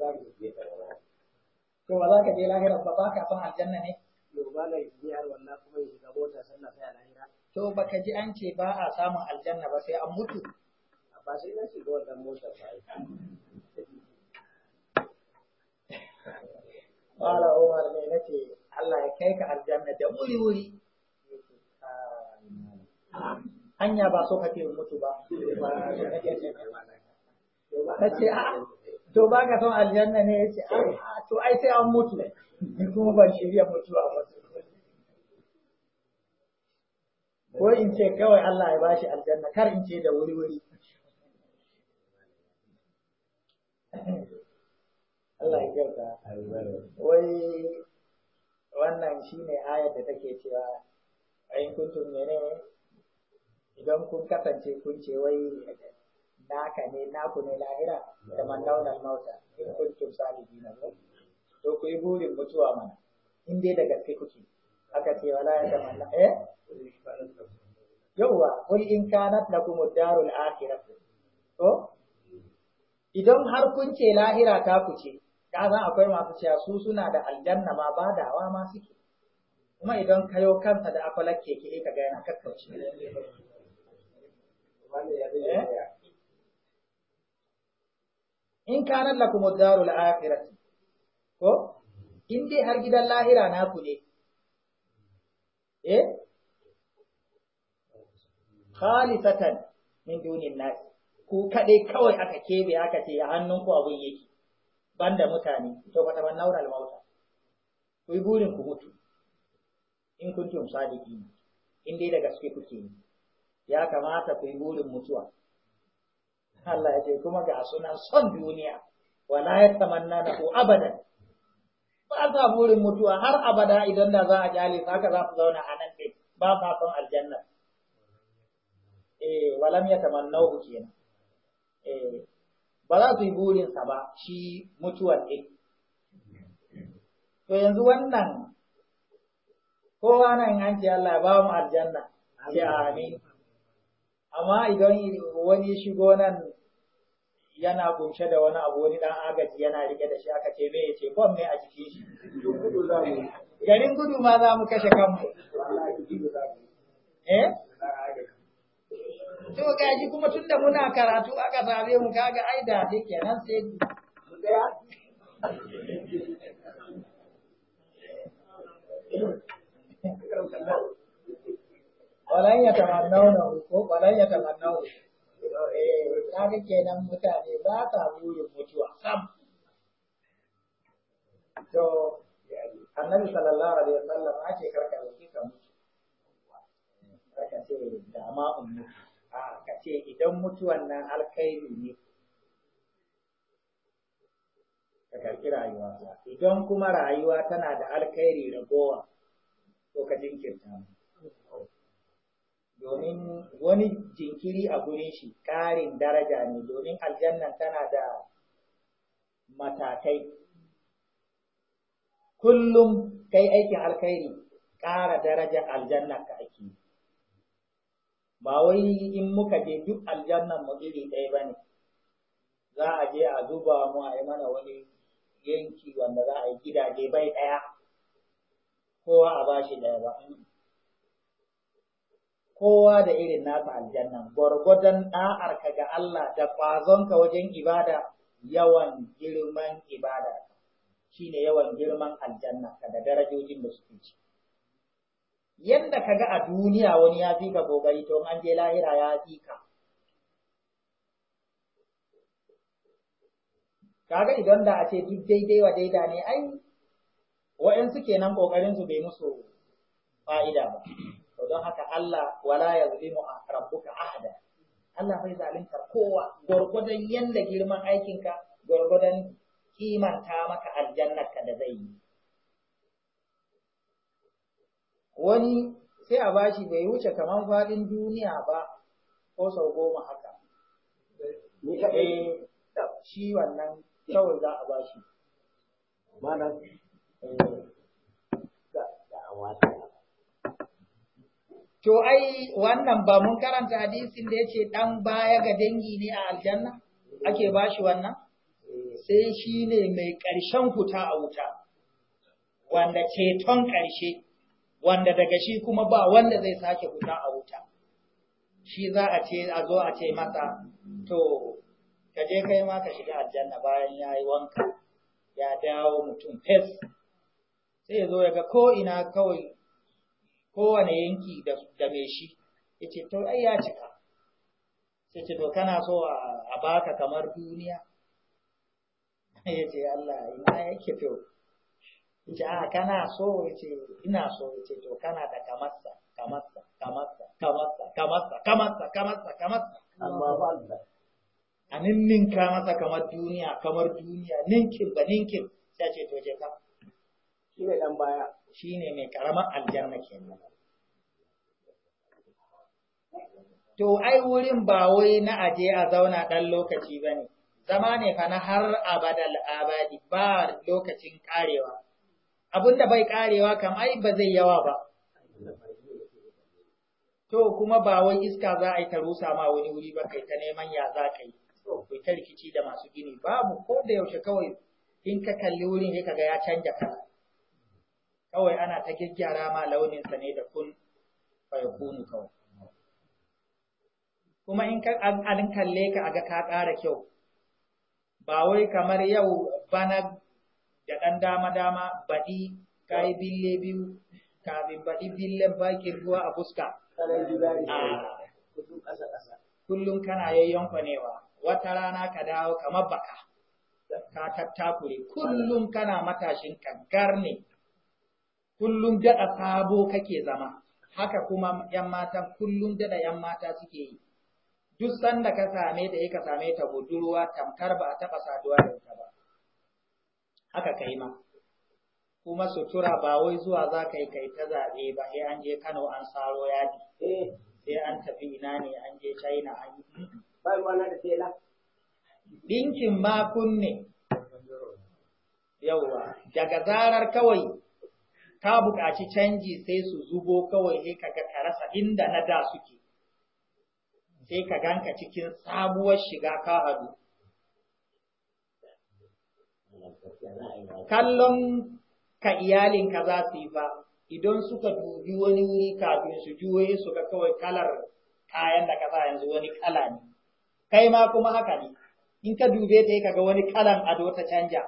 to ba za ka je lahira ba ba ka san aljanna ne yau ba la biyar wannan kuma ya shiga mota sannan sai a lahira to baka ji an ce ba a samun aljanna ba sai an mutu ba sai na shiga wannan ba Umar ne Allah ya kai ka aljanna da wuri wuri. Hanya ba so kake mutu ba. ce a to ba ka son aljanna ne yace a ah, ah, to ai sai an mutu ne [laughs] kuma ban shirya mutuwa ba ko in ce kawai Allah ya bashi aljanna kar in ce da wuri wuri [laughs] Allah ya kyauta wai wannan shine ayar da take cewa ayin kuntum ne? idan kun kasance kun ce wai naka ne naku ne lahira man al-mauta in kuntum ne to ku yi burin mutuwa mana in dai da gaske kuke aka ce wala ya tamanna eh yawwa qul in kanat lakum ad-darul akhirah to idan har kun ce lahira ta ku ce ka san akwai masu cewa su suna da aljanna ma badawa ma suke kuma idan kayo kansa da akwalakke ke ka ga yana kakkauce eh? in kanar la kuma darul akhirah ko in dai har gidan lahira naku ne eh khalisatan min dunin nas ku kadai kawai aka kebe aka ce a hannunku abun yake banda mutane to ban naura naural mauta ku yi burin ku mutu in kuntum sadiqin in dai da gaske kuke ya kamata ku yi burin mutuwa Allah ya ce kuma ga sunan son duniya wala ya tamanna na ku abadan ba ta burin mutuwa har abada idan da za a jali haka za su zauna a nan ne ba sa son aljanna eh walam ya ku kenan eh ba za su yi burinsa ba shi mutuwar ɗin. To yanzu wannan kowa nan an ce Allah ba mu aljanna, amin. Amma idan wani shigo nan yana kunshe da wani abu wani dan agaji yana rike da shi aka ce me yace bom ne a jikin shi garin gudu ma za mu kashe kanmu eh to gaji kuma tunda muna karatu aka zabe mu kaga ai da shi kenan sai walan yatamannawna ko walan Kaga eh, eh, kenan mutane ba sa burin mutuwa sam. To, annabi sallallahu alaihi wasallam ake karka dauki ka mutu. Karka ce da ma mutu. A ka ce idan mutuwan nan alkhairi ne. Ka karki rayuwa. Idan kuma rayuwa tana da alkhairi gowa, to ka jinkirta mu. domin wani jinkiri a gurin shi ƙarin daraja ne domin aljanna tana da matakai kullum kai aikin alkhairi ƙara daraja aljanna ka ake ba wai in muka je duk aljannan mu iri ɗaya ba ne za a je a zuba mu a yi mana wani yanki wanda za a yi gidaje bai ɗaya kowa a bashi ɗaya ba kowa da irin nasa aljannan gwargwadon ka ga Allah da ƙwazonka wajen ibada yawan girman ibada shine yawan girman aljanna ka da darajojin da suke ci yanda ga a duniya wani ya fi ka ƙoƙari to an je lahira ya fi ka kaga idan da a ce duk daidai wa daida ne ai wa'yansu kenan kokarin su bai musu fa'ida ba don haka Allah wala rabu ka ahada Allah bai zalunta kowa gwargwadon yanda girman aikinka gwargwadon kimanta maka aljannar ka da zai yi wani sai a bashi bai wuce kamar faɗin duniya ba ko sau goma haka eh, shi wannan kawai za a bashi mana da eh, To ai wannan ba mun karanta hadisin da yace dan baya ga dangi ne a aljanna ake bashi wannan sai shi ne mai karshen kuta a wuta wanda ceton ƙarshe wanda daga shi kuma ba wanda zai sake fita a wuta shi za a ce a zo a ce masa to ka je kai ma ka shiga aljanna bayan ya yi wanka ya dawo mutum fes sai ya zo ya ga ko ina kawai kowane yanki da mai shi ya ce to ai ya cika sai ce to kana so a baka kamar duniya [laughs] ya ce Allah ina yake to ya ce a kana so ya ce ina so ya ce to kana da kamarsa kamarsa kamarsa kamarsa kamarsa kamarsa kamarsa kamarsa amma ba da. a ninninka masa kamar duniya kamar duniya ninkin ba ninkin sai ce to je ka shi ne dan baya shine mai karamar aljanna kenan to ai wurin ba wai na aje a zauna dan lokaci bane zama ne fa na har abadal abadi ba lokacin karewa da bai karewa kam ai ba zai yawa ba to kuma ba wai iska za a yi ta rusa ma wani wuri ba kai ta neman ya za ka yi kai ta rikici da masu gini babu ko da yaushe kawai in ka kalli wurin sai ga ya canja kala kawai ana ta gyaggyara ma launinsa ne da kun fayakunu kawai kuma in ka an kalle ka aga ka ƙara kyau ba wai kamar yau bana da ɗan dama-dama baɗi ka yi bille biyu kafin baɗi billen bakin ruwa a fuska kullum kana kwanewa, wata rana ka dawo kamar baka ka tattakure kullum kana matashin kankar ne. kullum daɗa sabo kake zama, haka kuma ‘yan matan kullum daɗa ‘yan mata suke yi, duk sanda ka same ta yi ka same ta budurwa tamkar ba a taɓa saduwa da ita ba, haka kai ma. Kuma sutura ba wai zuwa za ka yi kai ta zaɓe ba sai an je Kano an saro yadi, eh. sai an tafi ina ne an je China an yi. Ba ruwana da tela. Ɗinkin makon ne. Yauwa, daga zarar kawai ka buƙaci canji sai su zubo kawai sai ka ga rasa inda na da suke sai ka ganka cikin sabuwar shiga ka hadu kallon ka iyalinka za su yi ba idan suka dubi wani wuri kafin su juye su ga kawai kalar kayan da ka sa yanzu wani kala ne kai ma kuma haka ne in ka dube ta yi ga wani kalan ado ta canja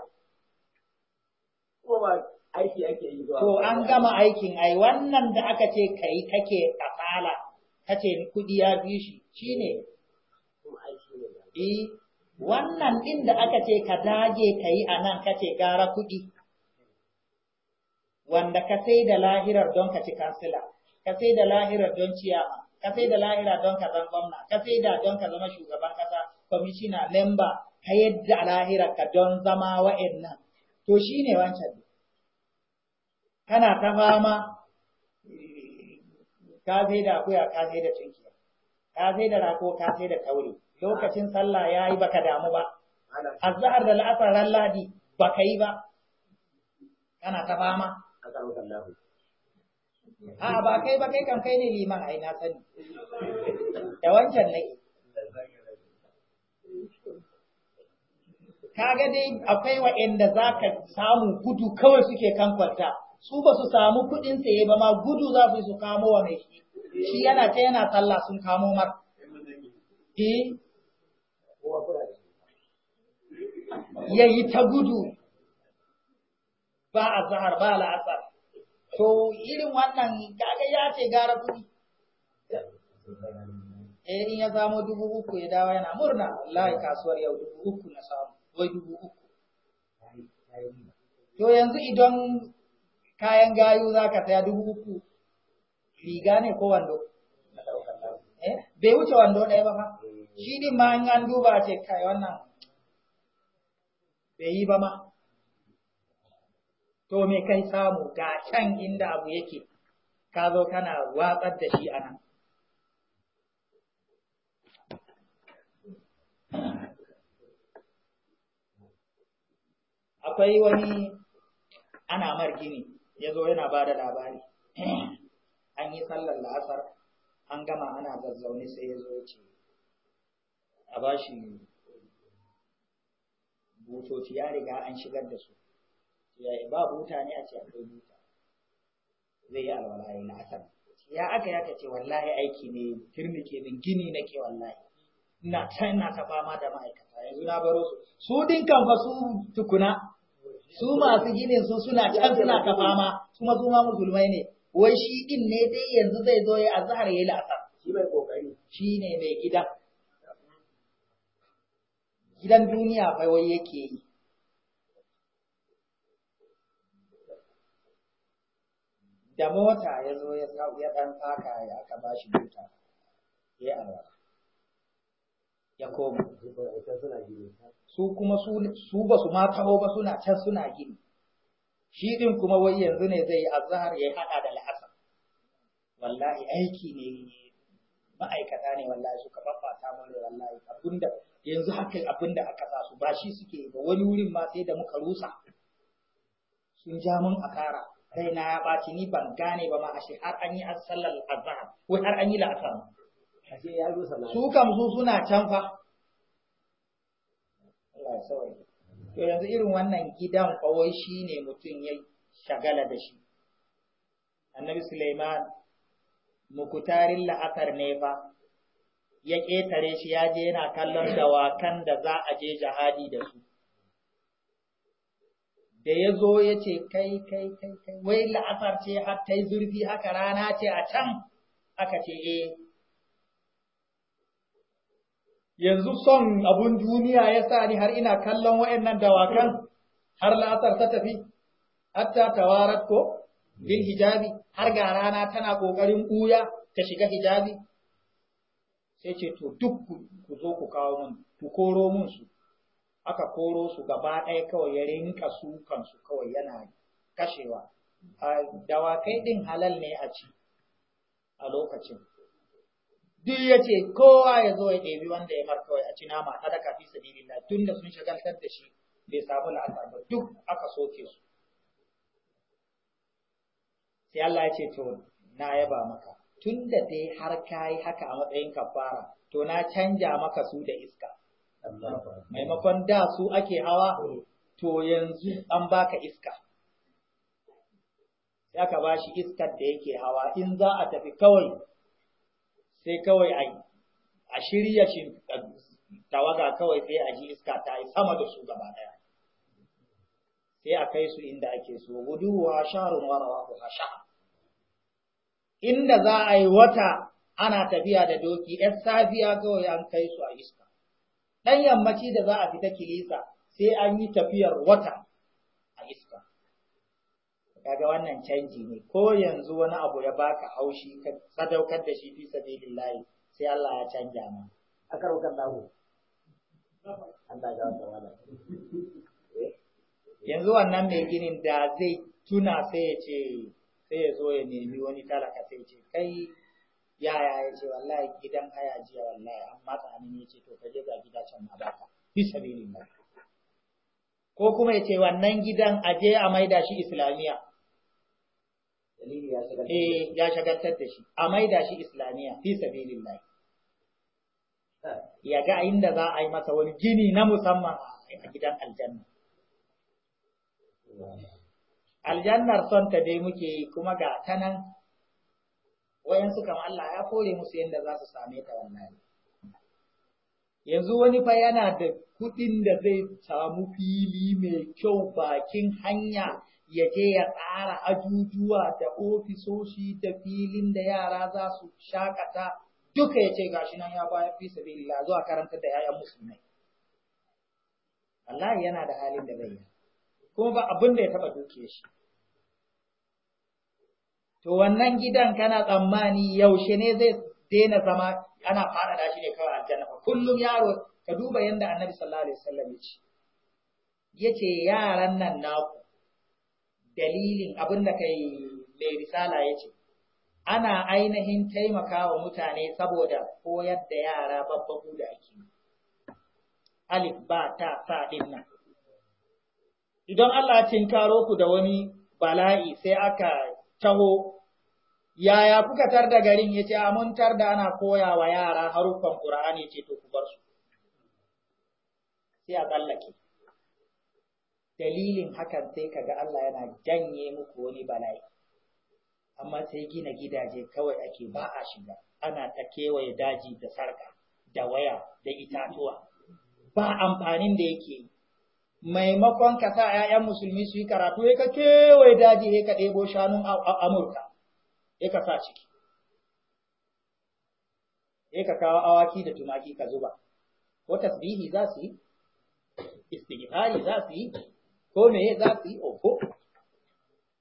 aiki ake yi zuwa to an gama aikin ai wannan da aka ce kai kake kasala kace kudi ya bi shi shine eh wannan din da aka ce ka dage kai anan kace gara kudi wanda ka sai da lahirar don ka ci kansila ka sai da lahirar don ciyama ka sai da lahira don ka zama gwamna ka sai da don ka zama shugaban kasa kwamishina memba ka yadda lahirar ka don zama wa'annan to shine wancan kana ta fama ka sai da akuya ka sai da cinkiya ka sai da rako ka sai da kauri lokacin sallah yayi baka damu ba azhar da la'asar ladi baka yi ba kana ta fama a ba kai ba kai kan kai ne liman ai na sani da wancan Ka kaga dai akwai wa'anda za ka samu gudu kawai suke kan kwalta su ba su samu kuɗin tsaye ba ma gudu za su su kamo wa mai shi shi yana ta yana sallah sun kamo mar ya yi ta gudu ba a zahar ba la'asar to irin wannan kaga ya ce gara kuɗi eh in ya samu dubu uku ya dawo yana murna wallahi kasuwar yau dubu uku na samu wai dubu uku to yanzu idan kayan gayu za ka saya dubu uku riga ne ko wando eh, bai wuce wando ɗaya ba fa shi ne ma an duba ce kai wannan bai yi ba ma to me kai samu ga can inda abu yake ka zo kana watsar da shi anan akwai wani ana mar gini ya zo yana ba da labari an yi sallar la'asar an gama ana zazzaune sai ya zo ce a ba shi butoci ya riga an shigar da su Ya ba buta ne a ce akwai buta zai yi alwala ya la'asar ya aka ya ka ce wallahi aiki ne turnike min gini nake wallahi ina ta ina ta fama da ma'aikata yanzu na baro su su dinkan fa su tukuna su masu ginin su suna can suna fama kuma su ma musulmai ne wai shi din ne dai yanzu zai zo ya azhar yayi la'asar shi mai kokari shi ne mai gida gidan duniya fa wai yake yi da mota ya zo ya ɗan faka ya aka bashi mota ya koma su kuma su ba su ma taho ba suna can suna gini shi din kuma wai yanzu ne zai yi azhar ya hada da la'asar wallahi aiki ne ma'aikata ne wallahi suka babbata mana wallahi abinda yanzu haka abinda aka sa su ba shi suke ba wani wurin ma sai da muka rusa sun ja mun akara na ya baci ni ban gane ba ma ashe har an yi sallar azhar ko har an yi la'asar Su kam su suna can fa. To yanzu irin wannan gidan kawai shi ne mutum ya shagala da shi. Annabi Suleiman mukutarin la'asar ne fa, ya ƙetare shi ya je yana kallon dawakan da za a je jihadi da su. Da ya zo ya ce, kai, kai, kai, kai, wai la'asar ce har ta yi zurfi haka rana ce a can, aka ce, eh, yanzu son abun duniya ya sa ni har ina kallon wa'annan dawakan har la'asar ta tafi hatta tawarat ko bil hijabi har ga rana tana ƙoƙarin buya ta shiga hijabi sai ce to duk ku zo ku kawo mun ku koro mun su aka koro su gaba ɗaya kawai ya rinka su kansu kawai yana kashewa dawakai ɗin halal ne a ci a lokacin duk ya ce kowa ya zo ya ɗebi wanda ya markawai a ma nama daga fi sabilillah tun da sun shagaltar da shi bai samu la'asar ba duk aka soke su sai Allah ya ce to na yaba maka tun da dai har ka yi haka a matsayin kafara to na canja maka su da iska maimakon da su ake hawa to yanzu an baka iska ka ba shi iskar da yake hawa in za a tafi kawai sai kawai a shirya shi tawaga kawai sai a ji iska ta yi sama da su gaba daya sai a kai su inda ake so guduwa sharun warawa ko sha inda za a yi wata ana tafiya da doki ɗan safiya kawai an kai su a iska ɗan yammaci da za a fita kilisa sai an yi tafiyar wata kaga wannan canji ne ko yanzu wani abu ya baka haushi ka sadaukar da shi fi sabilillahi sai Allah ya canja ma a karokan dawo Allah ya wata yanzu wannan mai ginin da zai tuna sai ya ce sai ya zo ya nemi wani talaka sai ya ce kai yaya ya ce wallahi gidan haya jiya wallahi an matsa ni ne ce to ka je ga gidacen ma baka fi sabilillahi ko kuma ya ce wannan gidan aje a maida shi islamiyya eh ya shagaltar da shi a maida shi islamiya fi sabilillah ya ga inda za a yi masa wani gini na musamman a gidan aljanna aljannar son ta dai muke yi kuma ga ta nan wayan su kama Allah ya kore musu yadda za su same ta wannan yanzu wani fa yana da kudin da zai samu fili mai kyau bakin hanya ya je ya tsara ajujuwa da ofisoshi da filin da yara za su shakata duka ya ce gashi nan ya bayar fi sabilillah zuwa karantar da 'ya'yan musulmai wallahi yana da halin da zai kuma ba abin da ya taba duke shi to wannan gidan kana tsammani yaushe ne zai daina zama ana faɗaɗa shi ne kawai aljanna fa kullum yaro ka duba yanda annabi sallallahu alaihi wasallam ya ce yaran nan naku dalilin abin da kai mai risala ya ce, ana ainihin taimakawa mutane saboda koyar da yara babban da ake Alif ba ta sa nan. Idan Allah karo ku da wani bala'i sai aka taho, yaya kuka tar da garin ya ce, mun tar da ana koya wa yara haruffan Ƙura'ani ce to ku bar su. Sai a tsallake. dalilin hakan sai kaga Allah yana janye muku wani bala'i amma sai gina gidaje kawai ake ba a shiga ana ta kewaye daji da sarka da waya da itatuwa ba amfanin da yake yi maimakon ka sa ‘ya'yan musulmi su yi karatu ya ka kewaye daji ya ka ɗebo shanun Amurka, ya ka sa ciki, ya ka kawo awaki da tumaki ka zuba, ko tasbihi za su yi, istighfari za su yi, ko me za su yi oho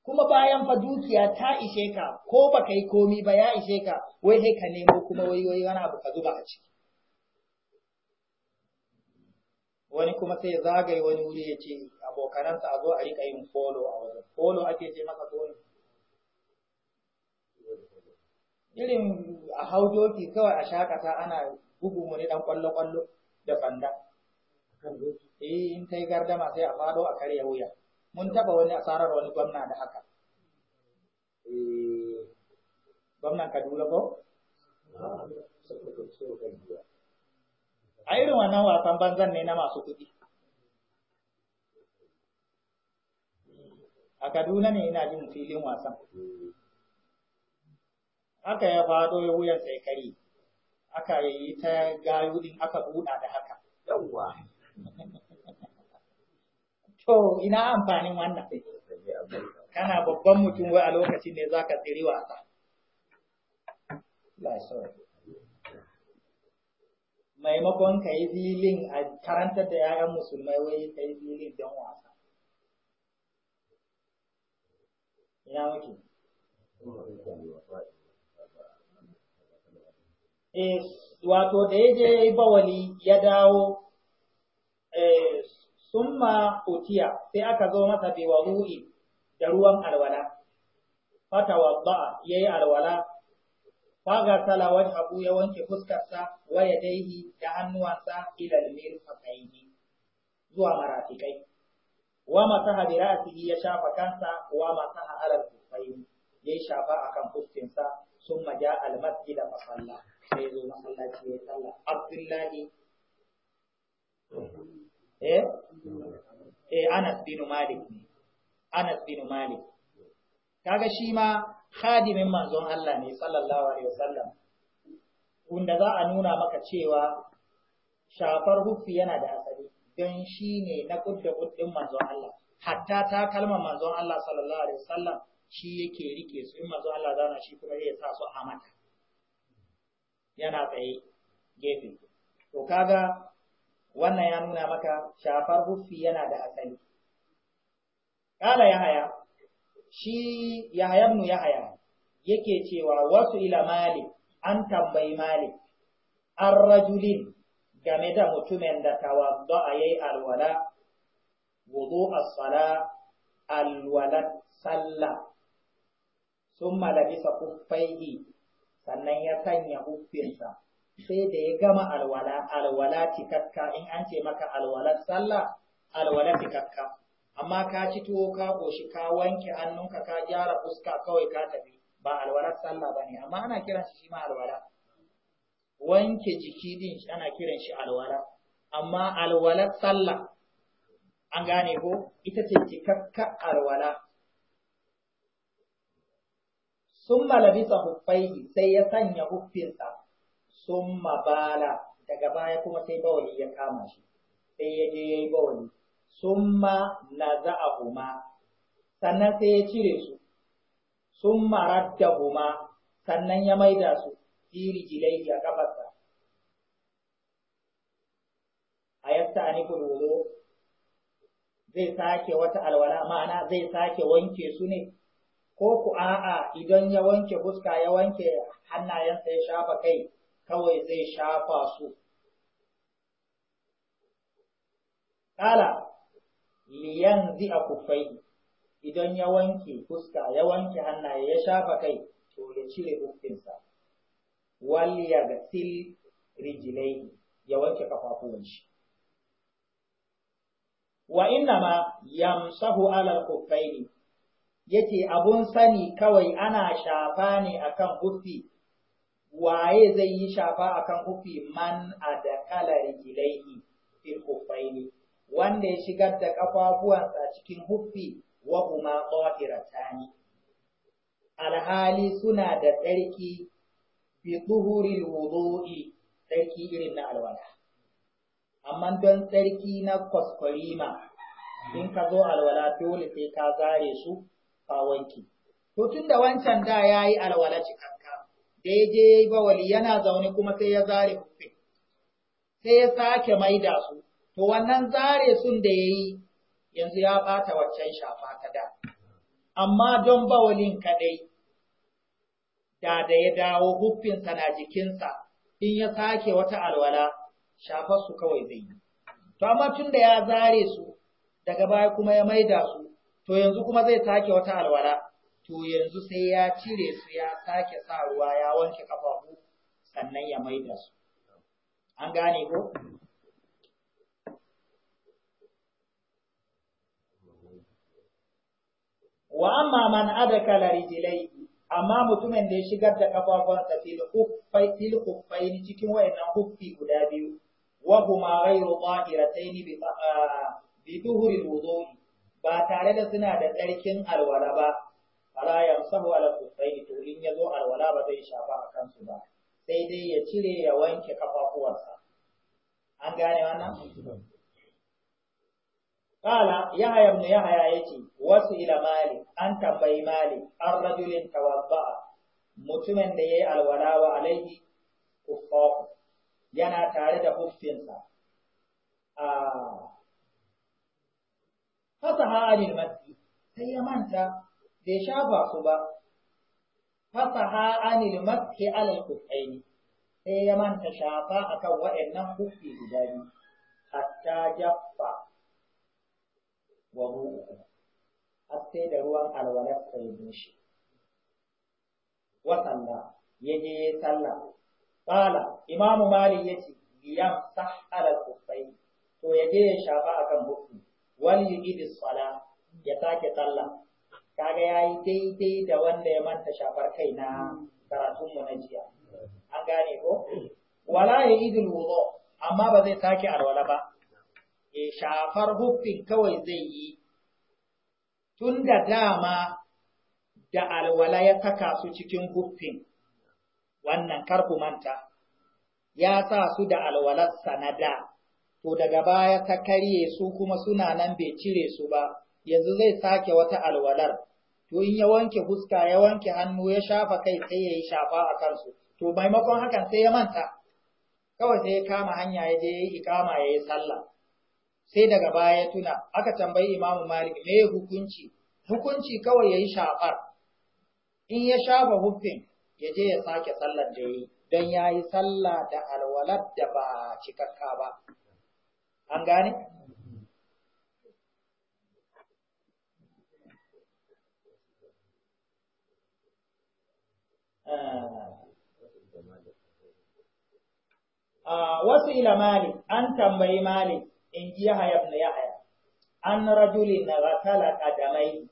kuma bayan fa dukiya ta ishe ka ko ba ka yi komi ba ya ishe ka wai sai ka nemo kuma wai wai wani abu ka zuba a ciki wani kuma sai zagaye wani wuri ya ce abokanansa a zo a riƙa yin folo a wajen folo ake ce masa folo irin a hau doki kawai a shakata ana bugu wani dan kwallo-kwallo da fanda. eh in kai gardama sai a fado a karya wuya mun taba wani asarar wani gwamna da haka eh gwamnan Kaduna ko a irin wannan wasan banzan ne na masu kuɗi a Kaduna ne ina jin filin wasan haka ya fado ya wuyan sai kari aka yi ta gayu din aka buɗa da haka yawwa To ina amfanin wannan? Kana babban mutum wai a lokacin ne zaka ka tsiri wasa. Maimakon ka yi filin a karantar da ‘ya'yan musulmai wai ka yi filin don wasa. Ina muke? Eh, wato da ya je bawali ya dawo eh, summa utiya sai aka zo masa bi wudu'i da ruwan alwala fata ya yayi alwala faga sala abu ya wanke fuskarsa wa yadayhi da hannuwansa ila al-mirfaqaini zuwa marafikai wa masaha bi ra'sihi ya shafa kansa wa masaha ala al-kuffaini ya shafa akan fuskinsa summa ja al-masjid fa salla sai zo masallaci ya sallah abdullahi eh eh Anas bin Malik ne Anas bin Malik kaga shi ma khadimin manzon Allah ne sallallahu alaihi wasallam wanda za a nuna maka cewa shafar hufi yana da asali don shi ne na kudda kuddin manzon Allah hatta ta kalmar manzon Allah sallallahu alaihi wasallam shi yake rike su in manzon Allah zana shi kuma zai sa su a mata yana tsaye gefe to kaga wannan ya nuna maka shafar huffi yana da asali kala yahaya shi yahaya ya yahaya yake cewa wasu ila malik an tambayi malik an rajulin game da mutumin da tawadda a yayi alwala wudu a sala alwalat salla summa labisa kuffaihi sannan ya sanya hufinsa. sai da ya gama alwala alwala tikakka in an ce maka alwalar sallah alwala tikakka amma ka ci tuwo ka ƙoshi, ka wanke hannunka ka gyara fuska kawai ka tafi ba alwalar sallah bane amma ana kiran shi ma alwala wanke jiki din ana kiran shi alwala amma alwalar sallah an gane ko ita ce tikakka alwala sun malabi sa sai ya sanya huffinsa sun bala, daga baya kuma sai bawali ya kama shi sai ya je ya yi bawali sun ma na sannan sai ya cire su sun huma. sannan ya maida su fili jilai a kafarsa a yasta anikul wudu zai sake wata alwala ma'ana zai sake wanke su ne ko ku a'a idan ya wanke fuska ya wanke hannayensa ya shafa kai kawai zai shafa su. Kala, liyan zi a kufai, idan ya wanke fuska, ya wanke hannaye, ya shafa kai, to ya cire kufinsa, Wali ga sil rijilai, ya wanke kafafuwan shi. Wa inna ma yamsahu ala kufaini, yake abun sani kawai ana shafa ne akan kufi waye zai yi shafa akan kufi man a adakala rijlaihi fil kufaini wanda ya shigar da kafafuwansa cikin hufi wa kuma qatiratani alhali suna da tsarki bi tuhuril wudu'i tsarki irin na alwala amma don tsarki na kwaskwarima in ka zo alwala dole sai ka zare su ka wanki to wancan da yayi alwala cika da ya je ya yi bawali yana zaune kuma sai ya zare kufe, sai ya sake maida su to wannan zare sun da ya yi yanzu ya bata waccan shafa ta da amma don bawalin kaɗai da da ya dawo huffinsa na jikinsa in ya sake wata alwala shafar su kawai zai yi to amma tun da ya zare su daga baya kuma ya maida su to yanzu kuma zai sake wata alwala to yanzu sai ya cire su ya sake sa ruwa ya wanke kafafu sannan ya maida su an gane ko wa amma man adaka rijlai amma mutumin da ya shigar da sa fil huffai fil ni cikin wayannan huffi guda biyu wa huma ghayru tahiratayn bi ah, bi duhuri wudu ba tare da suna da tsarkin alwala ba ala yamsahu ala kuffai to in ya zo alwala ba zai shafa a kansu ba sai dai ya cire ya wanke kafafuwansa an gane wannan Kala Yahaya ibn Yahaya yace wasu ila mali an tambayi mali, an rajulin tawabba mutumin da yayi alwala wa alaihi kuffahu yana tare da hufinsa a fasaha anil masjid sai ya manta bai shafa su ba fasaha anil maske alal kufaini sai ya manta shafa akan waɗannan kufi guda biyu hatta jaffa wa ru'u da ruwan alwalar sai ya shi wa sallah ya je sallah qala imamu malik ce, biyan sah alal to ya je ya shafa akan kufi wal yuqidi salat ya sake sallah kaga yayi daidai da wanda ya manta shafar kai na karatun na jiya an gane ko wala ya idul wudu amma ba zai sake alwala ba e shafar hufin kawai zai yi tun da dama da alwala ya saka su cikin hufin, wannan karku manta ya sa su da alwalar na da to daga baya ta karye su kuma suna nan bai cire su ba yanzu zai sake wata alwalar to in ya wanke fuska ya wanke hannu ya shafa kai sai ya yi shafa a kansu to maimakon hakan sai ya manta kawai sai ya kama hanya ya je ya yi ikama ya yi sallah sai daga baya ya tuna aka tambayi imamu malik me hukunci hukunci kawai ya yi shafar in ya shafa hufin ya je ya sake sallar da yi don ya yi sallah da alwalar da ba cikakka ba an gane Ah, wasu ila mali, an tambayi mali in ji yahaya ibn yahaya an rajuli na rasala kadamai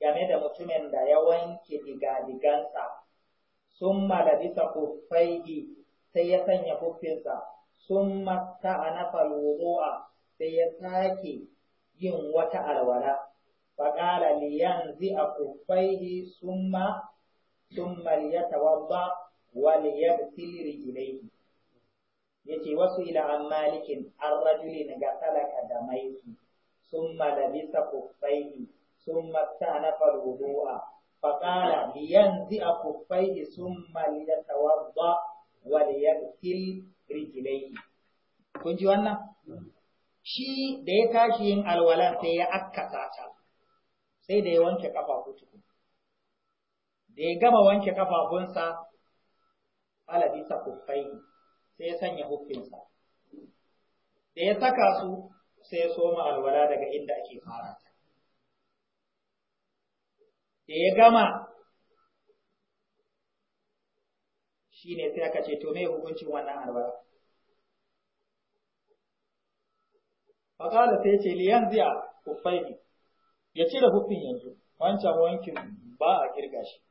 game da mutumin da ya wanke digadigansa sun ta kufaihi sai ya sanya kufinsa sun mata a nafar wudu'a sai ya sake yin wata alwala faƙala liyan zi a kufaihi sun ma ثم ليتوضا وليغسل رجليه yace wasu ila an malikin an rajuli na ga talaka da maiki summa labisa kuffaihi summa tanafa alwudu'a fa qala liyanzi kuffaihi summa liyatawadda wa liyaghsil rijlaihi kun ji wannan shi da ya tashi yin alwala sai ya akkasa ta sai da ya wanke kafa kutu da ya gama wanke kafafunsa bisa kuffai sai ya sanya hukunsa, da ya saka su sai ya soma alwala daga inda ake fara ta da ya gama shine sai aka ce to me hukuncin wannan alwala faƙala sai ce liyan ziya kuffai ya cire hukun yanzu wancan wankin ba a kirga shi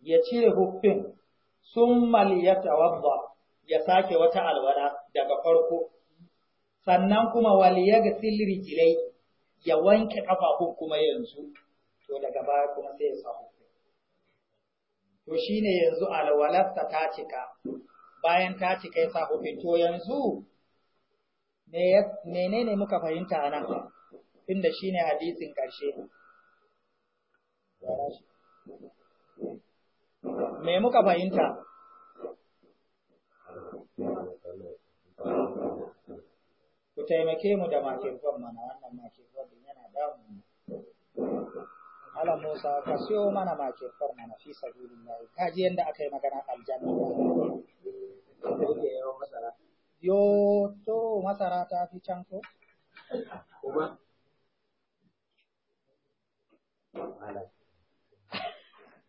ya cire huffin sun maliyata wadda ya sake wata alwala daga farko sannan kuma waliya ga silri jirai ya wanke kafafun kuma yanzu to daga baya kuma sai ya sa huffin to shine yanzu alwalarsa ta cika bayan ta cika ya sa huffin to yanzu menene muka fahimta a inda shi shine hadisin ƙarshe me muka fahimta ku taimake mu da makirfan mana wannan makirfan din yana damu ala musa ka siyo mana makirfan mana fi sabilin yayi ka ji yanda aka yi magana aljanna yo to masara ta fi can ko kuma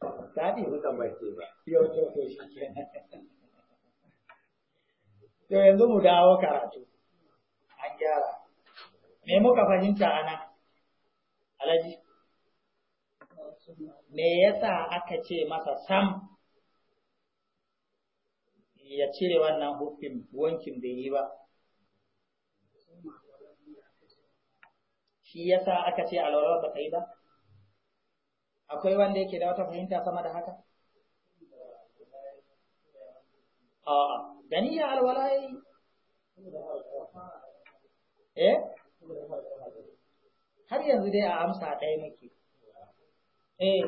ta ba yau shi to yanzu mu dawo karatu an gyara me muka fahimta a nan me yasa aka ce masa sam ya cire wannan hufin wankin bai yi ba shi yasa aka ce alwala ba ta yi ba akwai wanda yake da wata fahimta sama da haka A gani ya alwala yi eh har yanzu dai a amsa ɗaya muke eh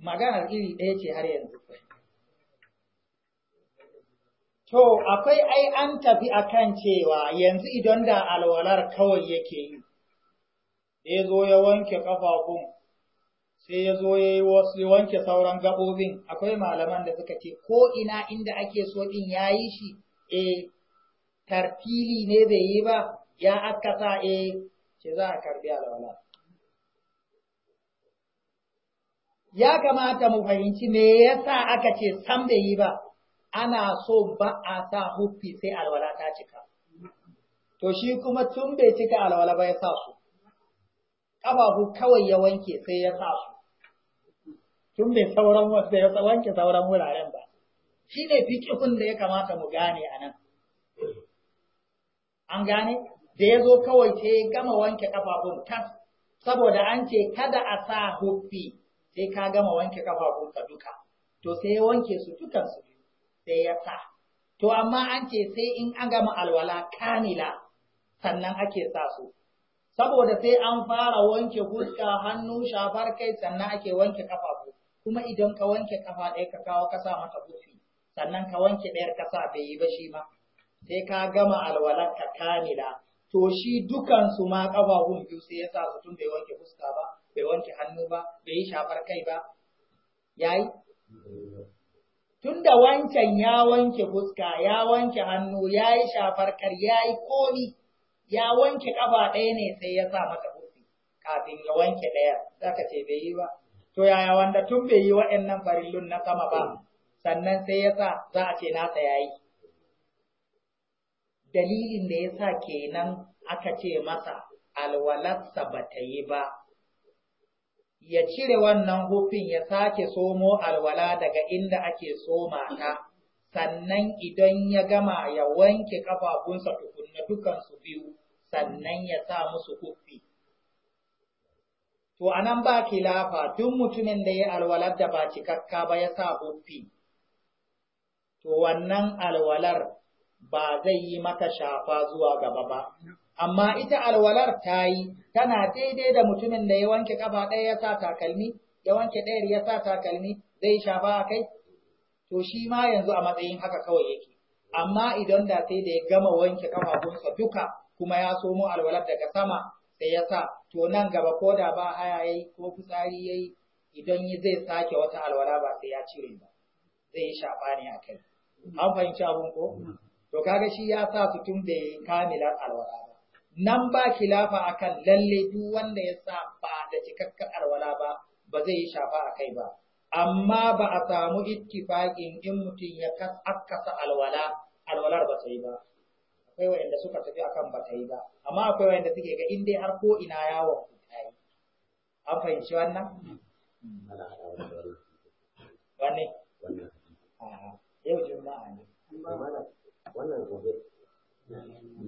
maganar iri ɗaya ce har yanzu To, akwai ai an tafi akan cewa yanzu idan da alwalar kawai yake yi, ya zo ya wanke ƙafafun, sai ya zo ya yi wanke sauran gaɓoɓin, akwai malaman da suka ce, ko ina inda ake so in ya yi shi, e, tartili ne bai yi ba, ya sa e, ce za a karbi alwala. Ya kamata mu fahimci me yasa aka ce sam bai yi ba. ana so ba a sa huffi sai alwala ta cika. To shi kuma tun bai cika alwala ba ya sa su, ƙafafu kawai ya wanke sai ya sa su, tun bai sauran wasu ya wanke sauran wuraren ba. Shi ne fikihun da ya kamata mu gane a nan. An gane? Da ya zo kawai sai ya gama wanke ƙafafun tas, saboda an ce kada a sa huffi sai ka gama wanke ƙafafunka duka. To sai ya wanke su dukansu sai ya sa. To amma an ce sai in an gama alwala kamila sannan ake sa su. Saboda sai an fara wanke fuska hannu shafar kai sannan ake wanke kafafu. Kuma idan ka wanke kafa ɗaya ka kawo ka sa mata kufi, sannan ka wanke ɗayar ka sa bai yi ba shi ma. Sai ka gama alwalar ka kamila. To shi dukansu ma ƙafafun biyu sai ya sa su tun bai wanke fuska ba, bai wanke hannu ba, bai yi shafar kai ba. Yayi? Tun da wancan ya wanke fuska ya wanke hannu ya yi shafarkar ya yi komi ya wanke ƙafa ɗaya ne sai ya sa mata uku kafin ya wanke ɗaya za ka ce bai yi ba to yaya wanda tun bai yi waɗannan farillun na sama ba sannan sai ya sa za a ce nasa ya yi dalilin da ya sa kenan aka ce masa alwalarsa ba ta yi ba ya cire wannan hufin ya sake somo alwala daga inda ake soma ta, sannan idan ya gama ya wanke ƙafafunsa tukunna dukansu biyu, sannan ya sa musu hufi. To, a nan ba kilafa duk mutumin da ya alwalar da ba cikakka ba ya sa hufi, to wannan alwalar ba zai yi mata shafa zuwa gaba ba. amma ita alwalar ta yi tana daidai da mutumin da ya wanke kafa ɗaya ya sa takalmi ya wanke ɗayar ya sa takalmi zai shafa a kai to shi ma yanzu a matsayin haka kawai yake amma idan da sai da ya gama wanke kafafunsa duka kuma ya somo alwalar daga sama da ya sa to nan gaba ko da ba haya yayi ko fitsari yayi idan yi zai sake wata alwala ba sai ya cire ba zai yi shafa ne a kai an fahimci abun ko to kaga shi ya sa su tun bai kamilar alwala nan ba kilafa akan lalle duk wanda ya sa ba da cikakkar alwala ba ba zai yi shafa a kai ba amma ba a samu ittifaqin in mutum ya kaskasa alwala alwalar ba ta yi ba akwai wanda suka tafi akan ba ta yi ba amma akwai wanda suke ga in dai har ko ina yawon ku ta an fahimci wannan wanne yau juma'a ne wannan gobe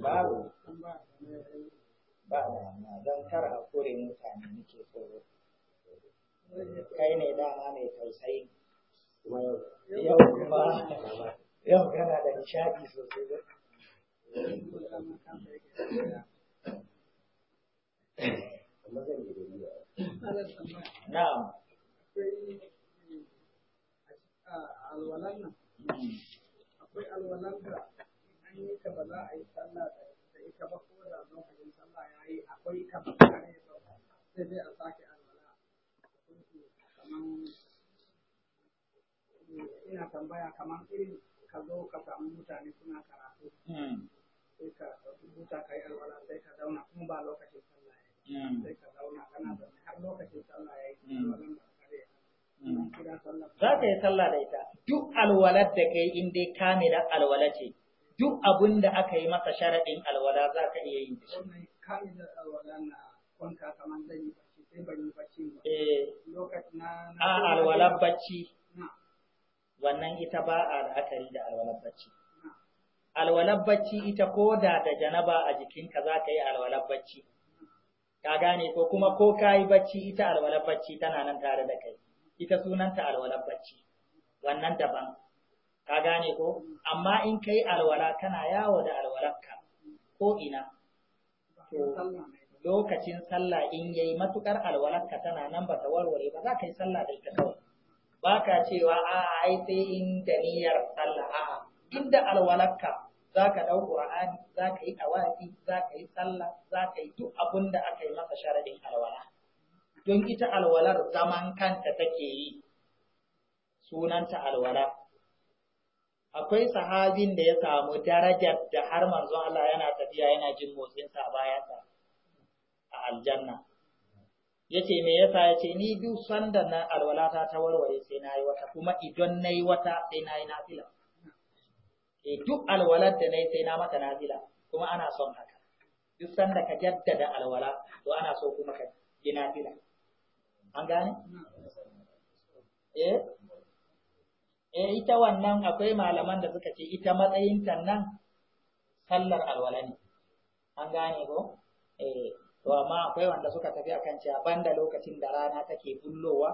babu ba dama don kar a kore mutane nake tsoro kai ne dama mai tausayi yau kuma yau kana da nishaɗi sosai na'am akwai alwalan da cikin ita ba za a yi sallah da ita ba ko da lokacin sallah ya yi akwai kare sai dai a sake alwala kaman ina tambaya kamar irin ka zo ka samu mutane suna karatu hmm. sai ka ka yi alwala sai ka zauna kuma ba lokacin sallah ya hmm. sai ka zauna kana zaune har lokacin sallah ya yi hmm. za yi sallah da ita duk alwalar da kai in dai alwala ce duk abin da aka yi masa sharaɗin alwala za ka iya yin shi. A alwalar bacci, eh. wannan ita ba a la'akari da alwalar bacci. Alwalar bacci ita ko da da janaba a jikinka za ka yi alwalar bacci. Ka gane ko kuma ko ka yi bacci ita alwalar bacci tana nan tare da kai, ita sunanta alwalar bacci, wannan daban. ka gane ko amma in kai alwala kana yawo da alwalarka ko ina lokacin sallah in yayi matukar alwalarka tana nan ba ta warware ba za ka yi sallah da ita kawai ba ka cewa a ai sai in da niyyar sallah a'a inda alwalarka za ka dau Qur'ani za ka yi awafi za ka yi sallah za ka yi duk abin da aka yi masa sharadin alwala don ita alwalar zaman kanta take yi sunanta alwala akwai sahabin da ya samu darajar da har manzo Allah yana tafiya yana jin motsinsa a bayansa a aljanna yace me yasa yace ni duk sanda na alwalata ta warware sai nayi wata kuma idan nayi wata sai nayi nafila eh duk alwalar da nayi sai na mata nafila kuma ana son haka duk sanda ka jaddada alwala to ana so kuma ka yi nafila an gane eh eh ita wannan akwai malaman da suka ce ita matsayin nan sallar alwala ne an gane ko eh to amma akwai wanda suka tafi akan cewa banda lokacin da rana take bullowa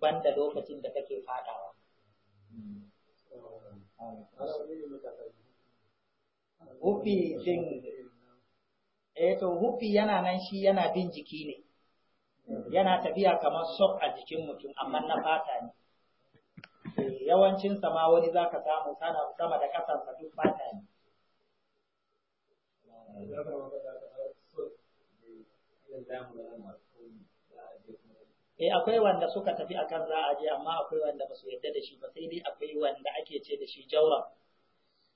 banda lokacin da take fadawa Hufi din eh to hufi yana nan shi yana bin jiki ne yana tafiya kamar sok a jikin mutum amma na fata ne yawancin sama wani za ka samu sama da kasansa duk bata ne. Eh akwai wanda suka tafi akan za a je amma akwai wanda ba su yadda da shi ba sai dai akwai wanda ake ce da shi jawra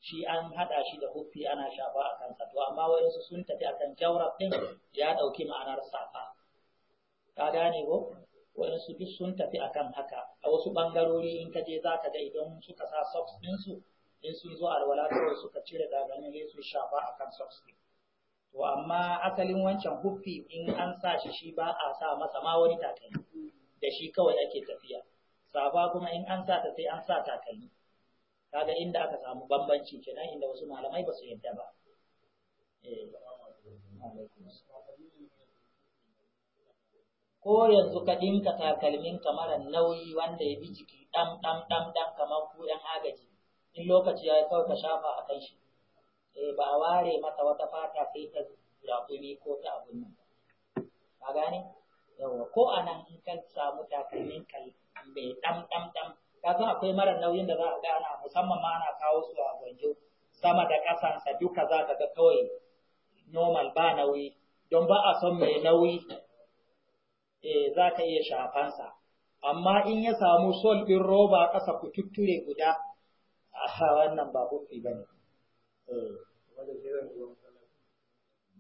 shi an hada shi da huffi ana shafa a kansa to amma wayansu sun tafi akan jawra ɗin, ya ɗauki ma'anar safa ka gane ko Wasu duk sun tafi akan haka a wasu ɓangarori in ka je za ka ga idan suka sa socks ɗinsu in sun zo alwala kawai suka cire zaganin ne su shafa akan socks ɗin to amma asalin wancan huffi in an sa shi shi ba a sa masa ma wani takalmi da shi kawai ake tafiya safa kuma in an sa ta sai an sa takalmi kaga inda aka samu bambanci kenan inda wasu malamai ba su yadda ba eh ko yanzu ka dinka takalmin mara nauyi wanda ya bi jiki ɗan ɗan ɗan dam kamar ku ɗan agaji in lokaci ya yi kawai ka shafa a kan shi eh ba ware masa wata fata sai ta rafumi ko ta abun nan ka gane yawa ko anan in ka samu takalmin mai ɗan ɗan ɗan ka san akwai mara nauyin da za a gana musamman ma ana kawo su a gwanjo sama da ƙasansa duka za ka ga kawai normal ba nauyi don ba a son mai nauyi Eh, za ka iya shafansa amma in ya samu sol ɗin roba ƙasa ku tutture guda a wannan ba hukumi ba ne eh.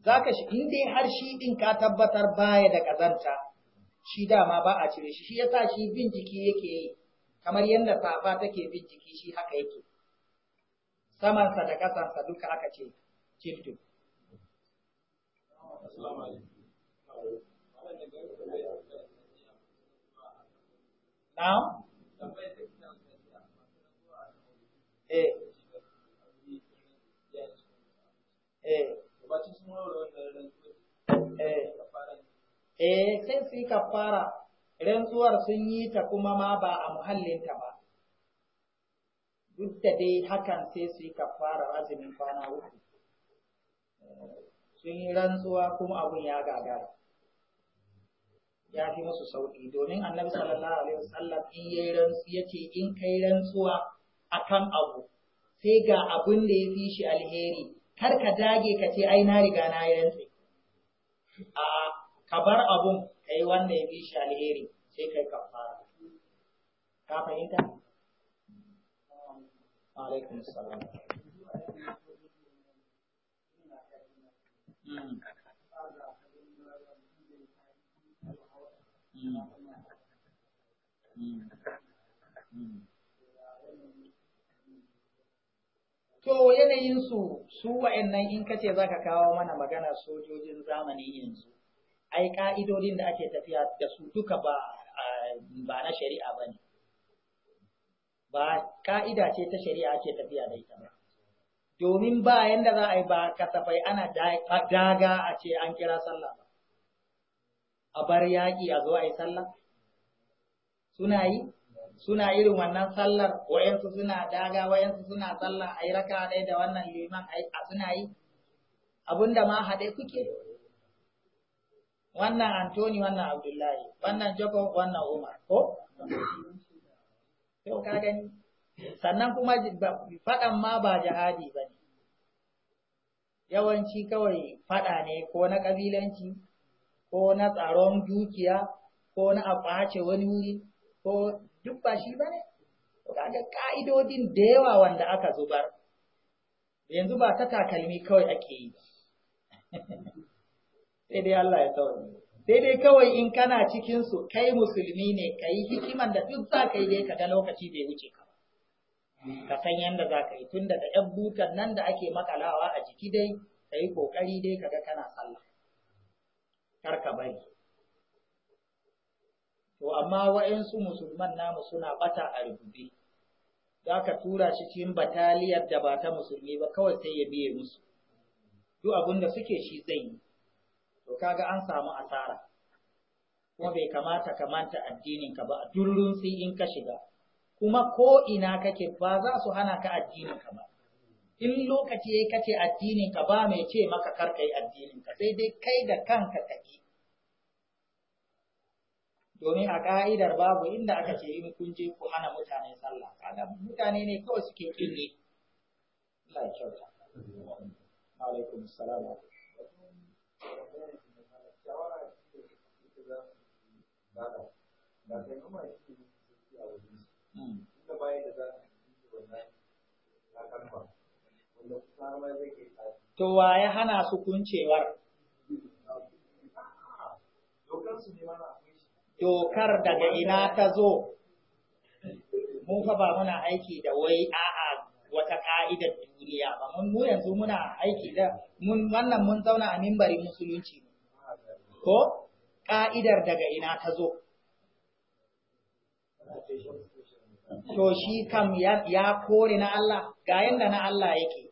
za ka shi in dai har shi ɗin ka tabbatar baya da ƙazanta shi dama ba a cire shi shi yasa shi bin jiki yake yi kamar yadda safa take bin jiki shi haka yake samansa da ƙasansa duka aka ce ciftu. Assalamu alaikum. Na'am? Eh. Eh. eh. sai su yi kafara, rantsuwar sun yi ta kuma ma ba a muhallinta ba, duk da dai hakan sai su yi kafara azumin kwana uku. Eh, sun yi rantsuwa kuma abun ya gagara. ya fi musu sauƙi, domin annabi sallallahu alaihi wasallam in yayi rantsu yace in kai rantsuwa akan abu sai ga abun da ya fi shi alheri kar ka dage ka ce ai na riga na yi rantsi a ka bar abun kai wanda ya fi shi alheri sai kai kafara ka fahimta alaikum salam Mm. To yanayinsu su wa'annan in kace za ka kawo mana magana sojojin zamani yanzu, ai ƙa'idodin da ake tafiya da su duka ba na shari'a ba ne, ba ƙa'ida ce ta shari'a ake tafiya da ita ba. Domin ba yanda za a yi ba kasafai ana daga a ce an kira sallah a bar yaƙi a zo a yi sallah suna yi suna irin wannan sallar wayansu suna daga wayansu suna sallah a yi raka ɗaya da wannan liman a suna yi da ma haɗe kuke wannan antoni wannan abdullahi wannan Joko, wannan umar ko Yau ka gani sannan kuma faɗan ma ba jihadi ba ne yawanci kawai faɗa ne ko na ƙabilanci ko na tsaron dukiya ko na a ɓace wani wuri ko duk ba shi ba ne kaga ka'idodin da yawa wanda aka zubar yanzu ba ta takalmi kawai ake yi [laughs] sai dai Allah ya tsawon sai dai kawai in kana cikin su kai musulmi ne kai hikiman da duk za ka yi dai ga lokaci bai wuce ka ka san yanda za ka yi tun daga yan butan nan da ake makalawa a jiki dai ka yi kokari dai ka ga kana sallah kar ka bari to amma wa'yansu musulman namu suna bata a rubuce za ka tura shi cikin bataliyar da ba ta musulmi ba kawai sai ya biye musu duk abin da suke shi zai yi to kaga an samu asara kuma bai kamata ka manta addinin ka ba a durrun in ka shiga kuma ko ina kake ba za su hana ka addinin ka ba in lokaci ya kace addinin ka ba mai ce maka kar kai addinin ka sai dai kai da kanka kake domin a ka'idar babu inda aka ce in kun je ku hana mutane sallah kaga mutane ne kawai suke kinne Allah ya kyauta alaikum salam hmm. da you. da za yi na To wa ya hana su kuncewar? Dokar daga ina ta zo, mun fa ba muna aiki da wai a'a wata ka'idar duniya ba, mun mu yanzu muna aiki da mun wannan mun zauna a mimbarin musulunci. Ko ka'idar daga ina ta zo? To shi kam ya kore na Allah, ga yanda na Allah yake.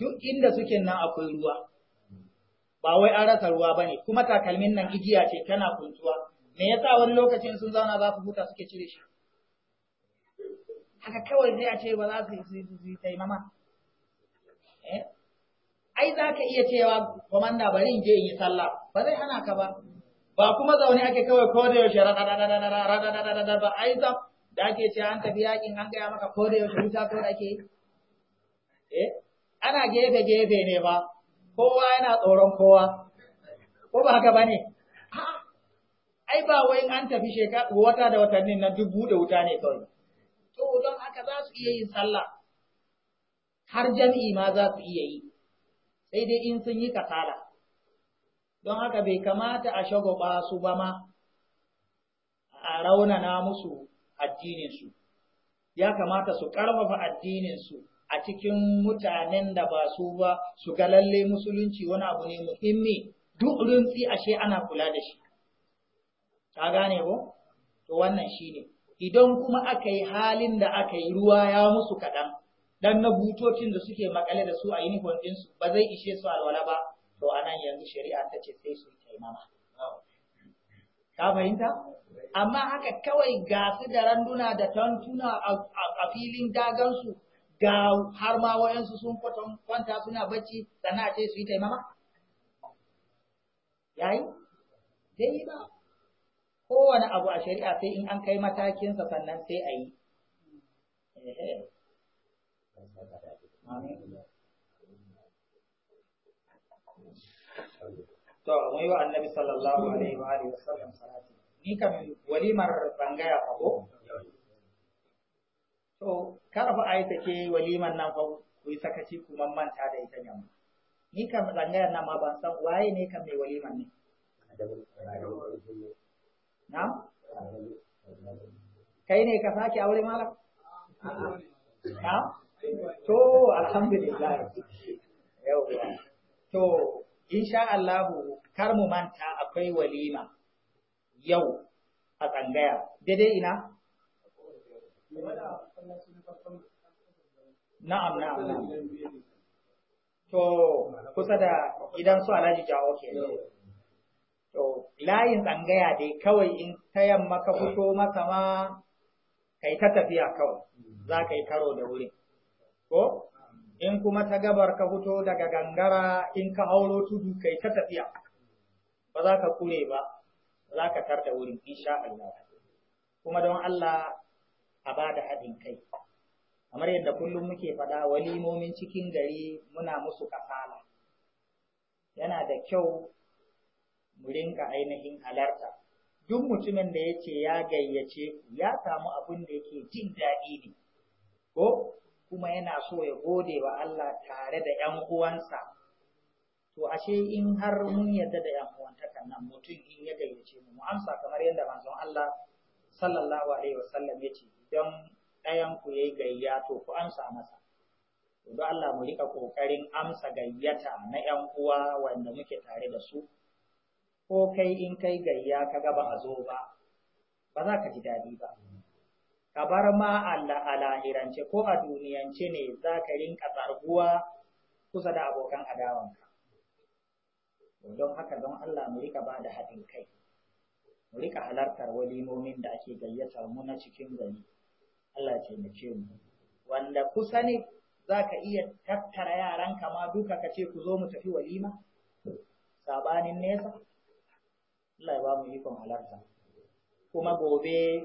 duk inda suke nan akwai ruwa ba wai an rasa ruwa bane kuma takalmin nan igiya ce tana kuntuwa me yasa wani lokacin sun zauna za su huta suke cire shi haka kawai sai a ce ba za su yi taimama eh? ai za ka iya cewa komanda bari in je in yi sallah ba zai hana ka ba ba kuma zaune ake kawai ko da yaushe rada ba ai za da ake ce an tafi yakin an gaya maka ko da yaushe wuta ko da ake eh ana gefe-gefe ne ba, kowa yana tsoron kowa, ko ba haka ba ne? Ai, ba wai an tafi shekara wata da watannin na dubu da wuta ne kawai. To, don haka za su iya yin sallah, har jami'i ma za su iya yi, sai dai in sun yi kasala. Don haka bai kamata a shagwaba su ba ma, a raunana musu addininsu, ya kamata su ƙarfafa addininsu. a cikin mutanen da ba su ba su ga lalle musulunci wani abu ne muhimmi duk rumtsi ashe ana kula da shi ka gane ko to wannan shine idan kuma aka yi halin da aka yi ruwa ya musu kaɗan dan na butocin da suke makale da su a uniform ɗinsu ba zai ishe su alwala ba to anan yanzu shari'a ta ce sai su taimama ka fahimta amma haka kawai gasu da randuna da tantuna a filin dagansu ga har ma wayansu sun kwanta suna bacci sana a ce su yi taimama yayi dai ba kowane abu a shari'a sai in an kai matakinsa sannan sai a yi to mu yi wa annabi sallallahu alaihi wa alihi wasallam salati ni kam walimar bangaya fa ko to kada fa ai ke waliman nan fa ku yi sakaci ku manta da ita ne ni kan rangayar nan ma ban san waye ne kan mai waliman ne na kai ne ka sake aure malam na to alhamdulillah yauwa to insha Allah kar mu manta akwai walima yau a tsangaya daidai ina Na'am, na'am, To, kusa da gidan su Alhaji Jawo ke To, layin tsangaya dai kawai in ta yamma ka fito masa ma kai ta tafiya kawai, za ka yi karo da wurin. Ko? In kuma ta gabar ka fito daga gangara in ka hauro tudu kai ta tafiya, ba za ka kure ba, za ka tar da wurin, insha Allah. Kuma don Allah a ba da haɗin kai kamar yadda kullum muke faɗa walimomin cikin gari muna musu kasala yana da kyau mu rinka ainihin halarta duk mutumin da ya ce ya gayyace ku ya samu abin da yake jin daɗi ne ko kuma yana so ya gode wa Allah tare da ‘yan uwansa to ashe in har mun yarda da ‘yan uwantakan nan mutum in ya gayyace mu mu amsa kamar yadda manzon Allah sallallahu alaihi wasallam ya ce idan ɗayan ku yayi gayya to ku amsa masa don Allah mu rika kokarin amsa gayyata na ƴan uwa wanda muke tare da su ko kai in kai gayya ka ga ba a zo ba ba za ka ji daɗi ba ka bar ma Allah a lahirance ko a duniyance ne za ka rinka tsarguwa kusa da abokan adawanka don haka don Allah mu rika ba da haɗin kai mu rika halartar walimomin da ake gayyatar mu na cikin gari Allah ce mu wanda kusa ne za ka iya tattara yaran ma duka ka ce ku zo mu tafi walima sabanin nesa Allah ya ba mu ikon halarta kuma gobe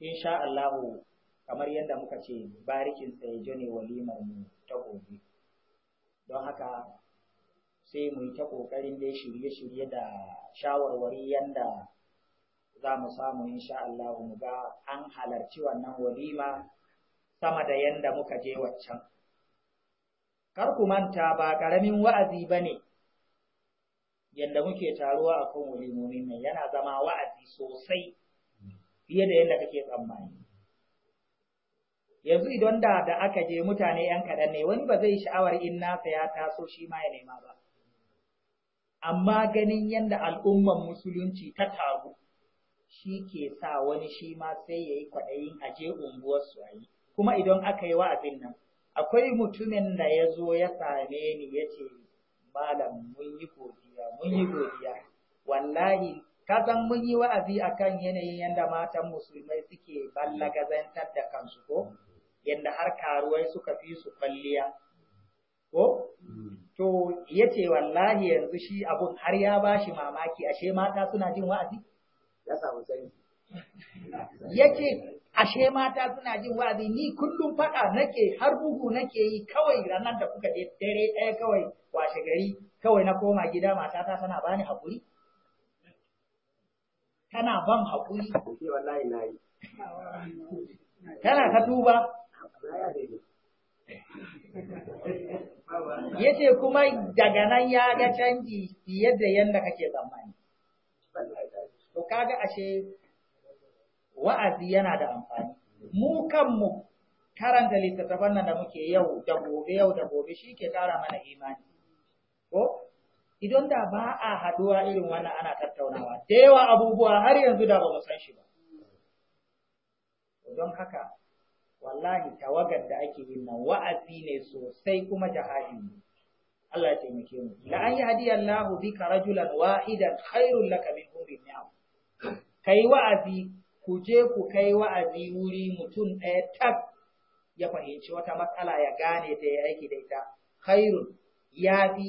insha Allah kamar yadda muka ce barikin tsaye ne walimar mu ta gobe don haka sai mu yi ta ƙoƙarin dai shirye-shirye da shawarwari yadda za mu samu insha Allah mu ga an halarci wannan walima sama da yanda muka je waccan. Kar ku manta ba ƙaramin wa'azi ba ne, yadda muke taruwa a kan walimomin nan yana zama wa'azi sosai fiye da yadda kake tsammani. Yanzu idan da da aka je mutane ‘yan kaɗan ne, wani ba zai sha'awar in nasa ya taso shi ma ya nema ba. Amma ganin yadda al'umman musulunci ta taru, shi ke sa wani shi ma sai ya yi kwaɗayin aje unguwarsu su yi. Kuma idan aka yi wa'azin nan, akwai mutumin da ya zo ya same ni ya ce, Malam mun yi godiya, mun yi godiya. Wallahi, ka san mun yi wa'azi a kan yanayin yadda matan musulmai suke ballagazantar da kansu ko? Yadda har karuwai suka fi su kwalliya. Ko? To, ya ce wallahi yanzu shi abun har ya ba shi mamaki, ashe mata suna jin wa'azi? ya samu [laughs] ashe mata suna jin wa'azi ni kullum faɗa nake har bugu nake yi kawai ranar da kuka je dare ɗaya kawai washe gari kawai na koma gida matata tana bani haƙuri tana ban haƙuri wallahi na yi tana ta tuba yace kuma daga nan ya ga canji fiye da yadda kake tsammani To kaga ashe wa'azi yana da amfani. Mu kanmu karanta littattafan nan da muke yau da gobe yau da gobe shi ke ƙara mana imani. Ko? Idan da ba a haduwa irin wannan ana tattaunawa, da yawa abubuwa har yanzu da ba mu san shi ba. Don haka, wallahi tawagar da ake yin nan wa'azi ne sosai kuma jihadi ne. Allah ya taimake mu. La an yi Allahu bika rajulan wahidan khairul laka min umrin ni'am. kai wa'azi ku je ku kai wa'azi wuri mutum ɗaya tak ya fahimci wata matsala ya gane da ya aiki da ita khairun ya fi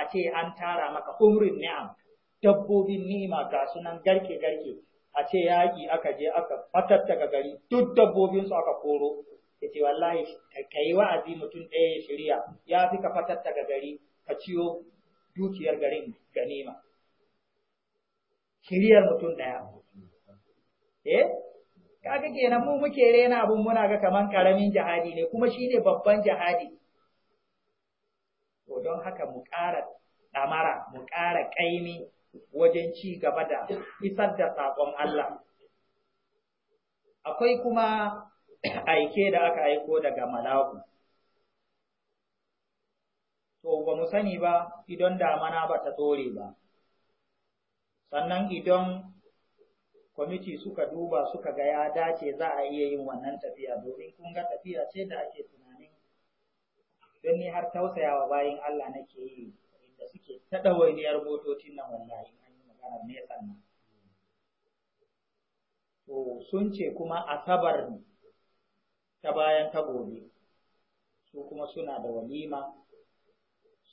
a ce an tara maka umrin ni'am dabbobin ni'ima ga sunan garke garke a ce yaƙi aka je aka fatattaka gari duk dabbobin su aka koro ya ce wallahi ka yi wa'azi mutum ɗaya ya shirya ya fi ka fatattaka gari ka ciwo dukiyar garin ganima Kiriyar mutum ɗaya. Eh? Kaga kenan mu muke rena abin muna ga kamar ƙaramin jihadi ne kuma shi ne babban jihadi. To don haka mu ƙara ɗamara, mu ƙara ƙaimi wajen ci gaba da isar da saƙon Allah. Akwai kuma aike da aka aiko daga Malawi. To ba mu sani ba idan damana ba ta tsore ba. sannan idan kwamiti suka duba suka ga ya dace za a iya yin wannan tafiya domin kun ga tafiya ce da ake tunanin don ni har tausayawa bayan Allah nake yi inda suke ta ɗawainiyar motocin nan wallahi an yi magana nesa nan. To sun ce kuma asabar ta bayan ta gobe su kuma suna da walima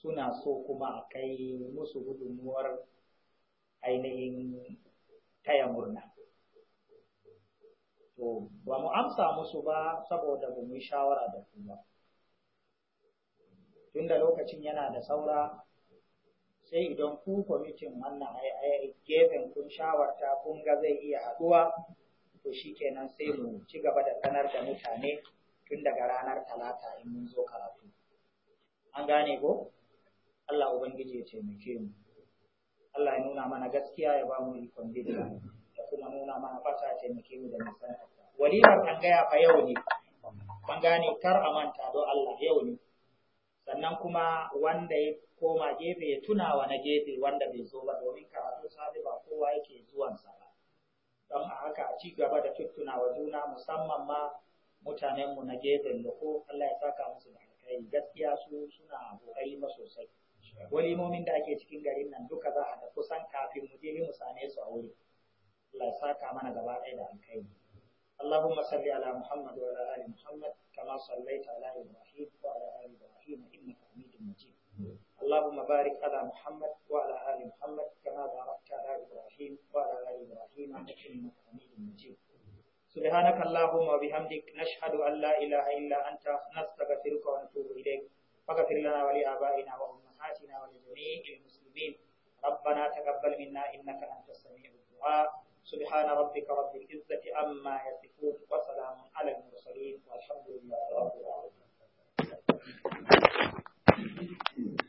suna so kuma a kai musu gudunmuwar ainihin taya murna. To, ba mu amsa musu ba saboda ba mu yi shawara da su ba. Tunda lokacin yana da saura sai idan ku kwamitin wannan gefen kun shawarta kun ga zai iya haɗuwa to shi kenan sai mu ci gaba da sanar da mutane tun daga ranar talata in mun zo karatu. An gane ko? Allah Ubangiji ya taimake mu. Allah ya nuna mana gaskiya ya bamu mu ikon bid'a ya kuma nuna mana fata ce mu da nisan walimar an gaya fa yau ne an gane kar a manta don Allah yau ne sannan kuma wanda ya koma gefe ya tuna wa na gefe wanda bai zo ba domin karatu sabi ba kowa yake zuwan sa ba don a haka ci gaba da tuttuna wa juna musamman ma mutanenmu na gefen ko Allah ya saka musu da alkhairi gaskiya su suna kokari ma sosai wani momin da ake cikin garin nan duka za a da kusan kafin mu je mu same su a wuri Allah saka mana gaba ɗaya da alkai Allahumma salli ala Muhammad wa ala Muhammad kama sallaita ala Ibrahim wa ala ali Ibrahim innaka Hamidum Majid Allahumma barik ala Muhammad wa ala ali Muhammad kama barakta ala Ibrahim wa ala ali Ibrahim innaka Hamidum Majid سبحانك اللهم وبحمدك نشهد ان لا اله الا انت نستغفرك ونتوب اليك فاغفر لنا ولآبائنا وأمنا وأمهاتنا ولجميع المسلمين ربنا تقبل منا إنك أنت السميع الدعاء سبحان ربك رب العزة عما يصفون وسلام على المرسلين والحمد لله رب العالمين